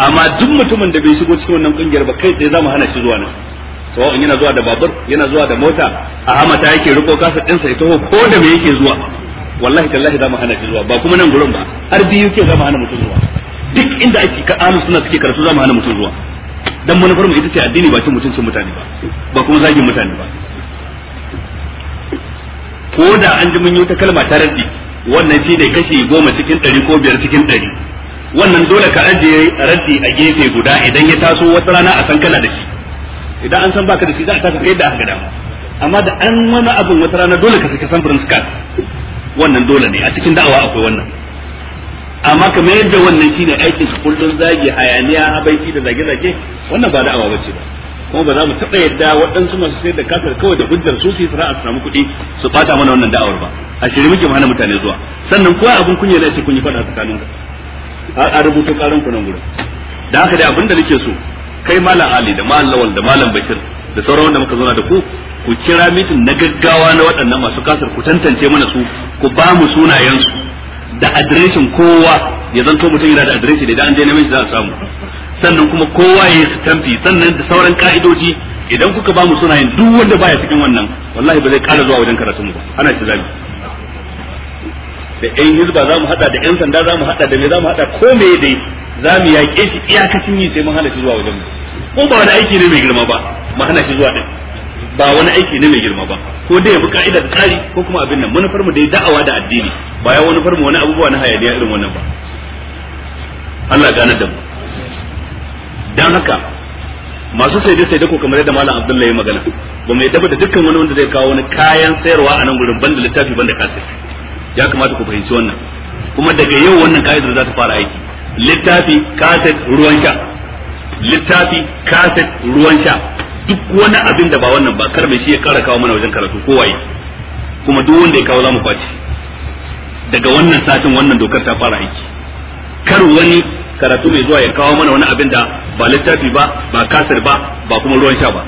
amma duk mutumin da bai shigo cikin wannan kungiyar ba kai tsaye zamu hana shi zuwa nan sawa'un yana zuwa da babur yana zuwa da mota a amata yake riko kasa din sai ya taho ko da me yake zuwa wallahi tallahi za mu hana shi zuwa ba kuma nan gurin ba har biyu ke za mu hana mutum zuwa duk inda ake ka alu suna suke karatu za mu hana mutum zuwa dan manufar mu ita ce addini ba cin mutuncin mutane ba ba kuma zagin mutane ba ko da an ji mun yi ta kalma ta raddi wannan shi ne kashi goma cikin ɗari ko biyar cikin ɗari wannan dole ka ajiye raddi a gefe guda idan ya taso wata rana a san kana da shi idan an san baka da shi za a taka kai da aka dama amma da an wani abin wata rana dole ka saki samfurin skat wannan dole ne a cikin da'awa akwai wannan amma kamar yadda wannan shine aikin su kullun zagi hayaniya abaiti da zage-zage wannan ba da'awa bace ba kuma ba za mu taɓa yadda waɗansu masu sayar da kasar kawai da hujjar su su yi sana'a su samu kuɗi su ɓata mana wannan da'awar ba a shirye muke hana mutane zuwa sannan ko abin kunya ne sai kun yi faɗa tsakanin a rubuta ƙarin ku nan gurin da haka dai abin da nake so kai malam ali da malam lawal da malam bashir da sauran wanda muka zauna da ku ku kira mitin na gaggawa na waɗannan masu kasar ku tantance mana su ku ba mu sunayensu da adireshin kowa ya zan to mutum yana da adireshi da idan an je neman shi za a samu sannan kuma kowa ya yi tamfi sannan da sauran ka'idoji idan kuka ba mu sunayen duk wanda baya cikin wannan wallahi ba zai ƙara zuwa wajen karatun ba ana shi zabi da yan hizba za mu haɗa da yan sanda za mu haɗa da me za mu haɗa ko me dai za mu yaƙe shi iyakacin yi sai mun hana shi zuwa wajen mu ko ba wani aiki ne mai girma ba mu hana shi zuwa din ba wani aiki ne mai girma ba ko dai bi ka'ida da tsari ko kuma abin nan manufar mu dai da'awa da addini ba ya wani farmu wani abubuwa na hayaniya irin wannan ba Allah gane da mu dan haka masu sai dai sai da ko kamar yadda malam Abdullahi magana ba mai daba da dukkan wani wanda zai kawo wani kayan sayarwa a nan gurin banda littafi banda kasir ya kamata ku fahimci wannan kuma daga yau wannan ka'idar za ta fara aiki littafi kaset ruwan sha littafi kaset ruwan sha duk wani abin da ba wannan ba kar mai shi ya kara kawo mana wajen karatu ko waye kuma duk wanda ya kawo zamu kwaci daga wannan satin wannan dokar ta fara aiki kar wani karatu mai zuwa ya kawo mana wani abin da ba littafi ba ba kasir ba ba kuma ruwan sha ba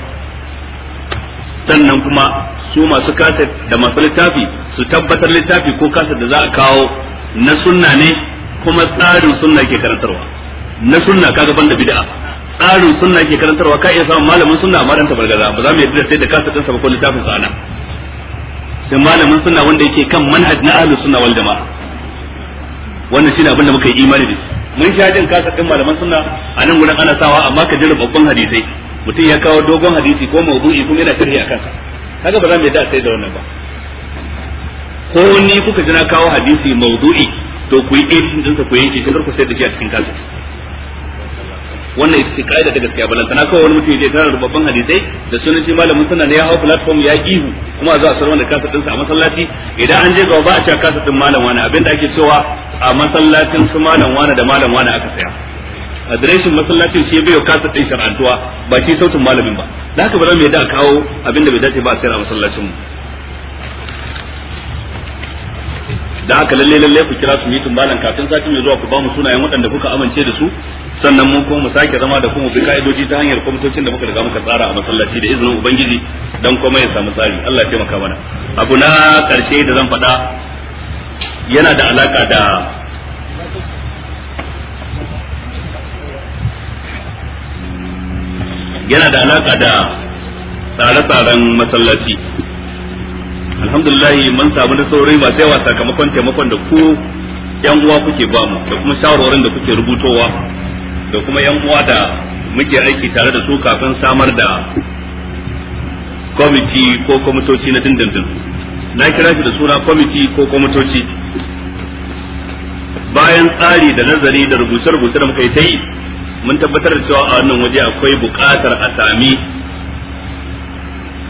sannan kuma su masu kasir da masu littafi su tabbatar littafi ko kasir da za a kawo na sunna ne kuma tsarin sunna ke karantarwa na sunna kaga banda bid'a tsarin sunna ke karantarwa ka iya samun malamin sunna amma dan tabargaza ba za mu yadda sai da kasa kansa ba ko littafin sa ana sai malamin sunna wanda yake kan manhaj na ahlus sunna wal jamaa wannan shine abin da muka yi imani da mun sha jin kasa kan malaman sunna a nan gurin ana sawa amma ka jira babban hadisai mutum ya kawo dogon hadisi ko mawdu'i kuma yana tarihi a kansa kaga ba za mu yadda sai da wannan ba ko ni kuka jira kawo hadisi mawdu'i to ku yi ɗin dinsa ku yanke shi ku sai da shi a cikin kasa wannan ita ce kaida ta gaskiya balanta na kawai wani mutum ya je tana babban hadisai da sunan shi malamin suna ne ya hawo platform ya ihu kuma za a sarwa da kasa dinsa a masallaci idan an je gaba ba a ci kasar din malam wani abinda ake cewa a masallacin su malam wani da malam wani aka saya adireshin masallacin shi bai kasa din shar'antuwa ba shi sautin malamin ba da haka ba za mu yadda a kawo abinda bai dace ba a sayar a masallacin mu da haka lalle lalle ku kira su mitin malam kafin sati mai zuwa ku ba mu sunayen waɗanda kuka amince da su sannan mu kuma mu sake zama da kuma bi ka'idoji ta hanyar kwamitocin da muka riga muka tsara a masallaci da izinin ubangiji dan kuma ya samu tsari Allah ya taimaka mana abu na karshe da zan faɗa yana da alaka da yana da alaka da tsare-tsaren masallaci alhamdulillah mun samu nasarori masu yawa sakamakon taimakon da ku yan uwa kuke ba mu da kuma shawarwarin da kuke rubutowa da kuma yan uwa da muke aiki tare da su kafin samar da kwamiti ko kwamitoci na dindindin na kira shi da suna kwamiti ko kwamitoci bayan tsari da nazari da rubuce-rubuce da muka yi ta yi mun tabbatar da cewa a wannan waje akwai buƙatar a sami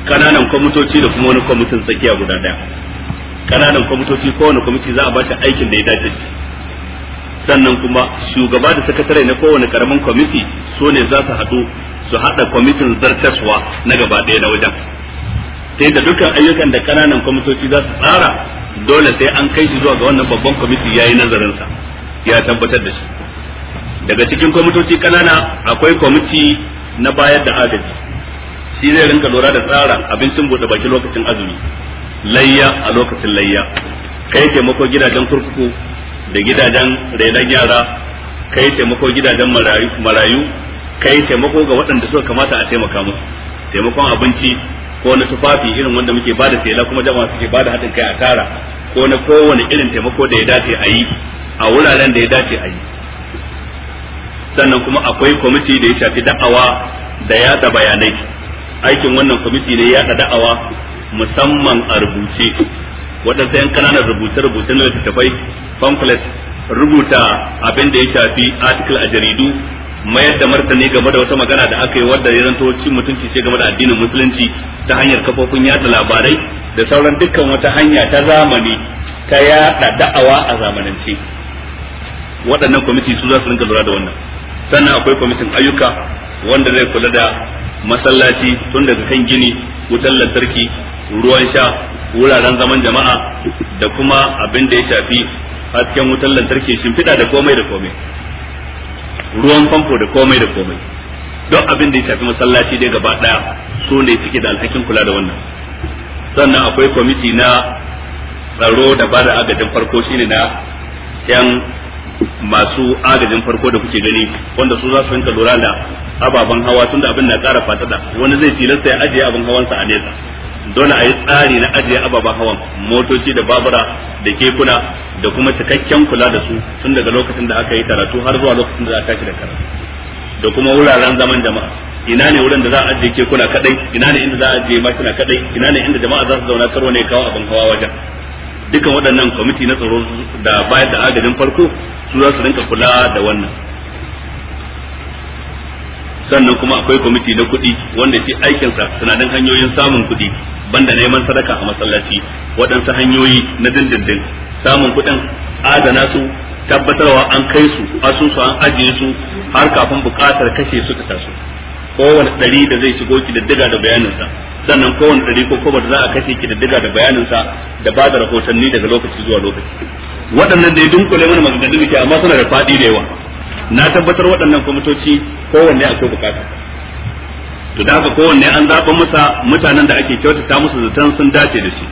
kananan kwamitoci da kuma wani kwamitin tsakiya guda ɗaya kananan kwamitoci kowane kwamiti za a ba shi aikin da ya dace sannan kuma shugaba da sakatare na kowane karamin kwamiti su ne za su haɗu su haɗa kwamitin zartaswa na gaba ɗaya na wajen Sai da dukkan ayyukan da ƙananan kwamitoci za su tsara dole sai an kai shi zuwa ga wannan babban kwamiti ya yi nazarinsa ya tabbatar da shi daga cikin kwamitoci kanana akwai kwamiti na bayar da agaji shi zai rinka lura da tsara abincin buɗe baki lokacin azumi layya a lokacin layya kai taimako gidajen kurkuku da gidajen renon yara kai taimako gidajen marayu kai taimako ga waɗanda suka kamata a taimaka musu taimakon abinci ko na tufafi irin wanda muke ba da sela kuma jama'a suke ba da haɗin kai a tara ko na kowane irin taimako da ya dace a yi a wuraren da ya dace a yi sannan kuma akwai kwamiti da ya shafi da'awa da yada bayanai aikin wannan kwamiti ne yada da'awa musamman a rubuce waɗansu 'yan ƙananan rubuce-rubuce na littattafai pamphlet rubuta abin da ya shafi article a jaridu mayar da martani game da wata magana da aka yi wadda ya zanto cin mutunci ce game da addinin musulunci ta hanyar kafofin yada labarai da sauran dukkan wata hanya ta zamani ta yada da'awa a zamanance waɗannan kwamiti su za su rinka lura da wannan sannan akwai kwamitin ayyuka wanda zai kula da masallaci tun daga kan gini wutar lantarki ruwan sha wuraren zaman jama'a da kuma abin da ya shafi hasken wutar lantarki shimfiɗa da komai da komai ruwan famfo da komai da komai don abin da ya shafi masallaci dai gaba ɗaya su ne suke da alhakin kula da wannan sannan akwai kwamiti na tsaro da ba da agajin farko shine na yan masu agajin farko da kuke gani wanda su za su rinka lura da ababen hawa tunda abin na ƙara fatada wani zai tilasta ya ajiye abin hawansa a nesa dole a yi tsari na ajiye ababen hawan motoci da babura da kekuna da kuma cikakken kula da su tun daga lokacin da aka yi karatu har zuwa lokacin da za a tashi da karatu da kuma wuraren zaman jama'a ina ne wurin da za a ajiye kekuna kadai ina ne inda za a ajiye mashina kadai ina ne inda jama'a za su zauna karo ne kawo abin hawa wajen dukan waɗannan kwamiti na tsaro da bayar da agajin farko su za su rinka kula da wannan sannan kuma akwai kwamiti na kuɗi wanda shi aikinsa sanadin hanyoyin samun kuɗi banda neman sadaka a masallaci waɗansu hanyoyi na dindindin samun kuɗin adana su tabbatarwa an kai su asusu an ajiye su har kafin buƙatar kashe su ta taso kowane ɗari da zai shigo kididdiga da bayaninsa sannan kowane ɗari ko kobar za a kashe kididdiga da bayaninsa da ba da rahotanni daga lokaci zuwa lokaci waɗannan da ya dunkule mana maganin da ke amma suna da faɗi da yawa na tabbatar waɗannan kwamitoci kowanne akwai bukata to da haka kowanne an zaɓa masa mutanen da ake kyautata musu zaton sun dace da shi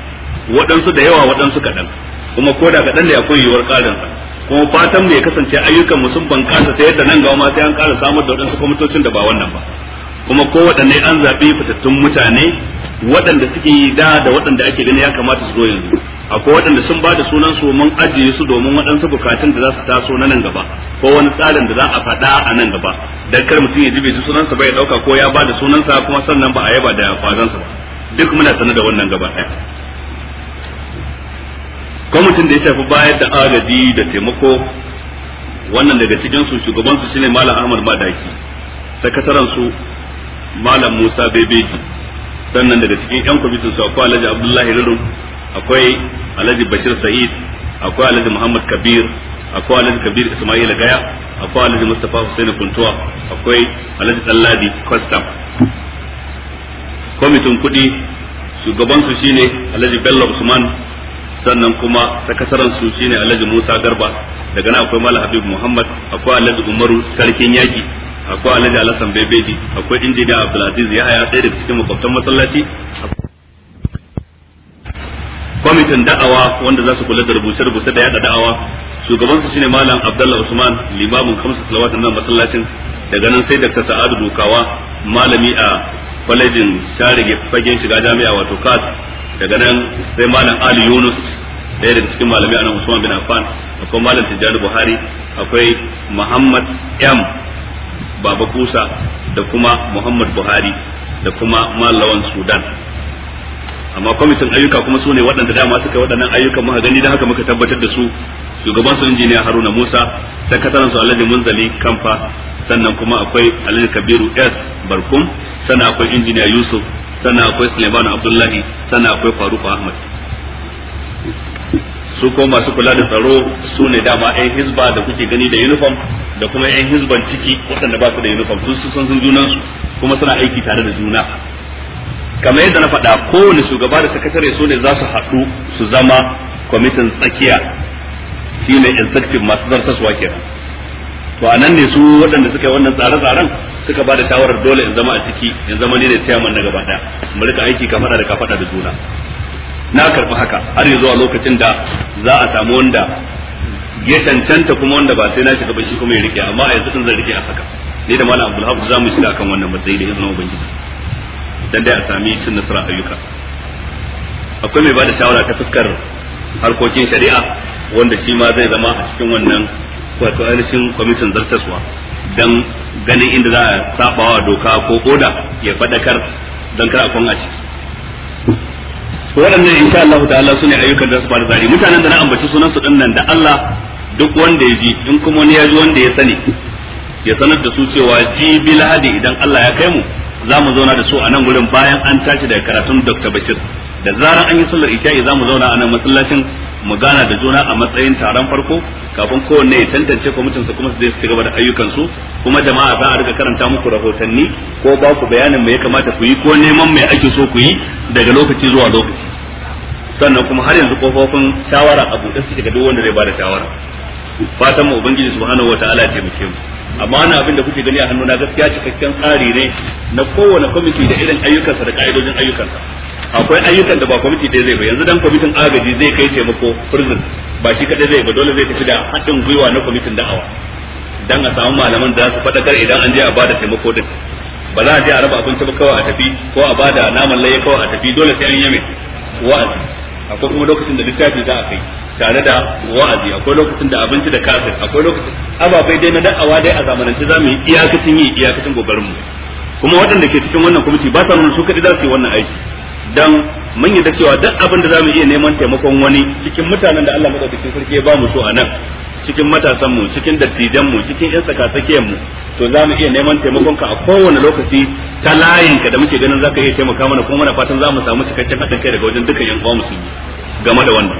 waɗansu da yawa waɗansu kaɗan kuma ko da kaɗan da akwai yiwuwar ƙarinsa kuma fatan mu ya kasance ayyukan mu sun bankasa ta yadda nan gaba ma sai an ƙara samar da waɗansu kwamitocin da ba wannan ba kuma ko waɗanne an zaɓi fitattun mutane waɗanda suke yi da da waɗanda ake gani ya kamata su zo yanzu akwai waɗanda sun ba da sunan su mun ajiye su domin waɗansu bukatun da za su taso na nan gaba ko wani tsarin da za a faɗa a nan gaba dan kar mutum ya jibe su sunansa ba ya ɗauka ko ya ba da sunansa kuma sannan ba a yaba da kwazansa ba duk muna sanar da wannan gaba ɗaya kwamitin da ya shafi bayar da agaji da taimako wannan daga cikin su shugaban su shine malam ahmad madaki sakataren su malam musa bebeji sannan daga cikin yan kwamitin su akwai alhaji abdullahi rurum akwai alhaji bashir sa'id akwai alhaji muhammad kabir akwai alhaji kabir ismail gaya akwai alhaji mustapha husaini kuntuwa akwai alhaji dalladi kwastam kwamitin kudi shugabansu shine alhaji bello usman sannan kuma kasaransu su shine alhaji musa garba daga nan akwai malam habib muhammad akwai alhaji umaru sarkin yaki akwai alhaji alhassan bebeji akwai injiniya abdulaziz yahaya ɗaya daga cikin makwabtan masallaci kwamitin da'awa wanda za su kula da rubuce-rubuce da yada da'awa shugabansu shine malam abdullahi Usman limamin kamsa salawatin nan masallacin daga nan sai Dr. Sa'adu Dukawa malami a kwalejin share fagen shiga jami'a wato kat daga nan sai malam Ali Yunus daya daga cikin malamai anan Usman bin Affan akwai malam Tijjani Buhari akwai Muhammad M Baba Kusa da kuma Muhammad Buhari da kuma malawan Sudan amma kwamitin ayyuka kuma su ne waɗanda dama suka waɗannan ayyukan muka gani da haka muka tabbatar da su shugaban su injiniya haruna musa sakataren su alhaji munzali kamfa sannan kuma akwai alhaji kabiru s Barkun sannan akwai injiniya yusuf sannan akwai suleiman abdullahi sannan akwai faruk ahmad su kuma masu kula da tsaro su ne dama yan hizba da kuke gani da uniform da kuma yan hizban ciki waɗanda ba su da uniform sun san junan su kuma suna aiki tare da juna kamar yadda na faɗa kowane shugaba da sakatare su ne za su haɗu su zama kwamitin tsakiya shi ne insektif masu zartaswa kenan to a nan ne su waɗanda suka yi wannan tsare-tsaren suka ba da tawarar dole in zama a ciki in zama ni ne tiyaman na gaba ɗaya mu rika aiki ka faɗa da ka faɗa da juna na karɓi haka har yanzu a lokacin da za a samu wanda ya cancanta kuma wanda ba sai na shiga ba shi kuma ya rike amma a yanzu zan rike a haka ni da malam abdulhafu za mu shiga kan wannan matsayi da izinin ubangiji dan dai a sami cin nasara ayyuka akwai mai bada shawara ta fuskar harkokin shari'a wanda shi ma zai zama a cikin wannan wato ainihin kwamitin zartaswa dan ganin inda za a sabawa doka ko koda ya fadakar dan kar a kwan a ciki waɗannan insha Allah ta'ala su ne ayyukan da su fara zari mutanen da na ambaci sunan su dinnan da Allah duk wanda ya ji in kuma wani ya ji wanda ya sani ya sanar da su cewa ji bil lahadi idan Allah ya kai mu za mu zauna da su a nan gurin bayan an tashi daga karatun Dr. Bashir da zarar an yi sallar isha'i za mu zauna a nan masallacin mu gana da juna a matsayin taron farko kafin kowanne ya tantance kwamitin su kuma su je su gaba da ayyukansu kuma jama'a za a riga karanta muku rahotanni ko ba ku bayanin mu ya kamata ku yi ko neman mai ake so ku yi daga lokaci zuwa lokaci sannan kuma har yanzu kofofin shawara a buɗe suke ga duk wanda zai bada shawara fatan mu ubangiji subhanahu wataala ya taimake mu amma wannan abin da kuke gani a hannuna gaskiya cikakken tsari ne na kowane kwamiti da irin ayyukansa da ka'idojin ayyukansa akwai ayyukan da ba kwamiti ɗaya zai ba yanzu dan kwamitin agaji zai kai taimako prison ba shi kadai zai ba dole zai tafi da haɗin gwiwa na kwamitin da'awa dan a samu malaman da za su faɗakar idan an je a bada taimako din ba za a je a raba abinci ba kawai a tafi ko a bada naman laye kawai a tafi dole sai an yame wa'azi akwai kuma lokacin da littafi za a kai tare da wa'azi akwai lokacin da abinci da kafin akwai lokacin ababai dai na da'awa dai a zamanance za mu yi iyakacin yi iyakacin gobarinmu kuma waɗanda ke cikin wannan kwamiti ba sa nuna su kaɗai za su yi wannan aiki dan mun da cewa duk abin da zamu iya neman taimakon wani cikin mutanen da Allah madaukakin sarki ya ba mu so a nan cikin matasan mu cikin dattijan mu cikin yan tsakatsakiyan mu to zamu iya neman taimakon ka a kowane lokaci ta layin ka da muke ganin zaka iya taimaka mana kuma muna fatan zamu samu cikakken haɗin kai daga wajen dukkan yan uwa musulmi game da wannan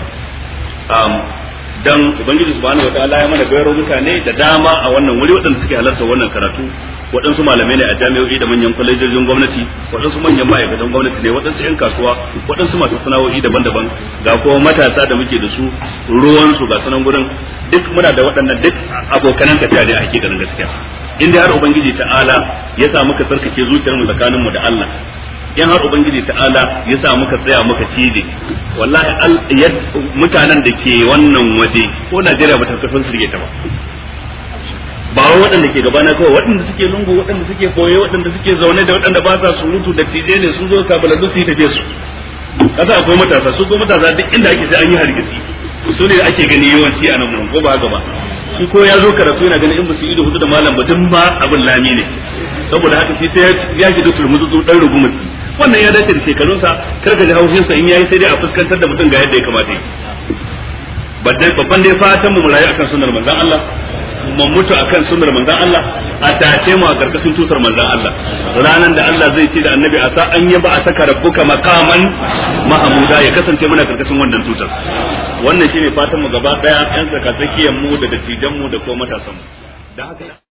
dan ubangiji subhanahu wataala ya mana gairo mutane da dama a wannan wuri waɗanda suke halarta wannan karatu waɗansu malamai ne a jami'o'i da manyan kwalejojin gwamnati waɗansu manyan ma'aikatan gwamnati ne waɗansu 'yan kasuwa waɗansu masu sana'o'i daban-daban ga kuma matasa da muke da su ruwansu ga sanan gurin duk muna da waɗannan duk abokanan tafiya ne a hakikanin gaskiya in dai har ubangiji ta'ala ya sa muka sarkace zuciyarmu tsakaninmu da Allah in har ubangiji ta'ala ya sa muka tsaya muka cije wallahi mutanen da ke wannan waje ko Najeriya ba kafin kasan su ta ba ba wai waɗanda ke gabana kawai waɗanda suke lungu waɗanda suke koye waɗanda suke zaune da waɗanda ba sa surutu da tije ne sun zo kabalanzu su yi tafiye su kasa akwai matasa su ko matasa duk inda ake sai an yi hargitsi su ne ake gani yawanci a nan ko ba haka ba shi ko ya zo karatu yana ganin in ba su da hudu da malam ba duk ba abin lami ne saboda haka shi ta ya shiga turmutsu dan rugumutsi wannan ya dace da shekarunsa karka ji haushinsa in yayi sai dai a fuskantar da mutum ga yadda ya kamata yi babban dai fatan mu rayu akan sunnar manzon Allah mu mutu akan sunnar manzon Allah a tace mu a karkashin tutar manzon Allah ranan da Allah zai ce da annabi a sa an yaba a saka rabbuka maqaman mahmuda ya kasance muna karkashin wannan tutar wannan shine fatan mu gaba daya yan tsakatsakiyan mu da dattijan mu da kuma matasan mu da haka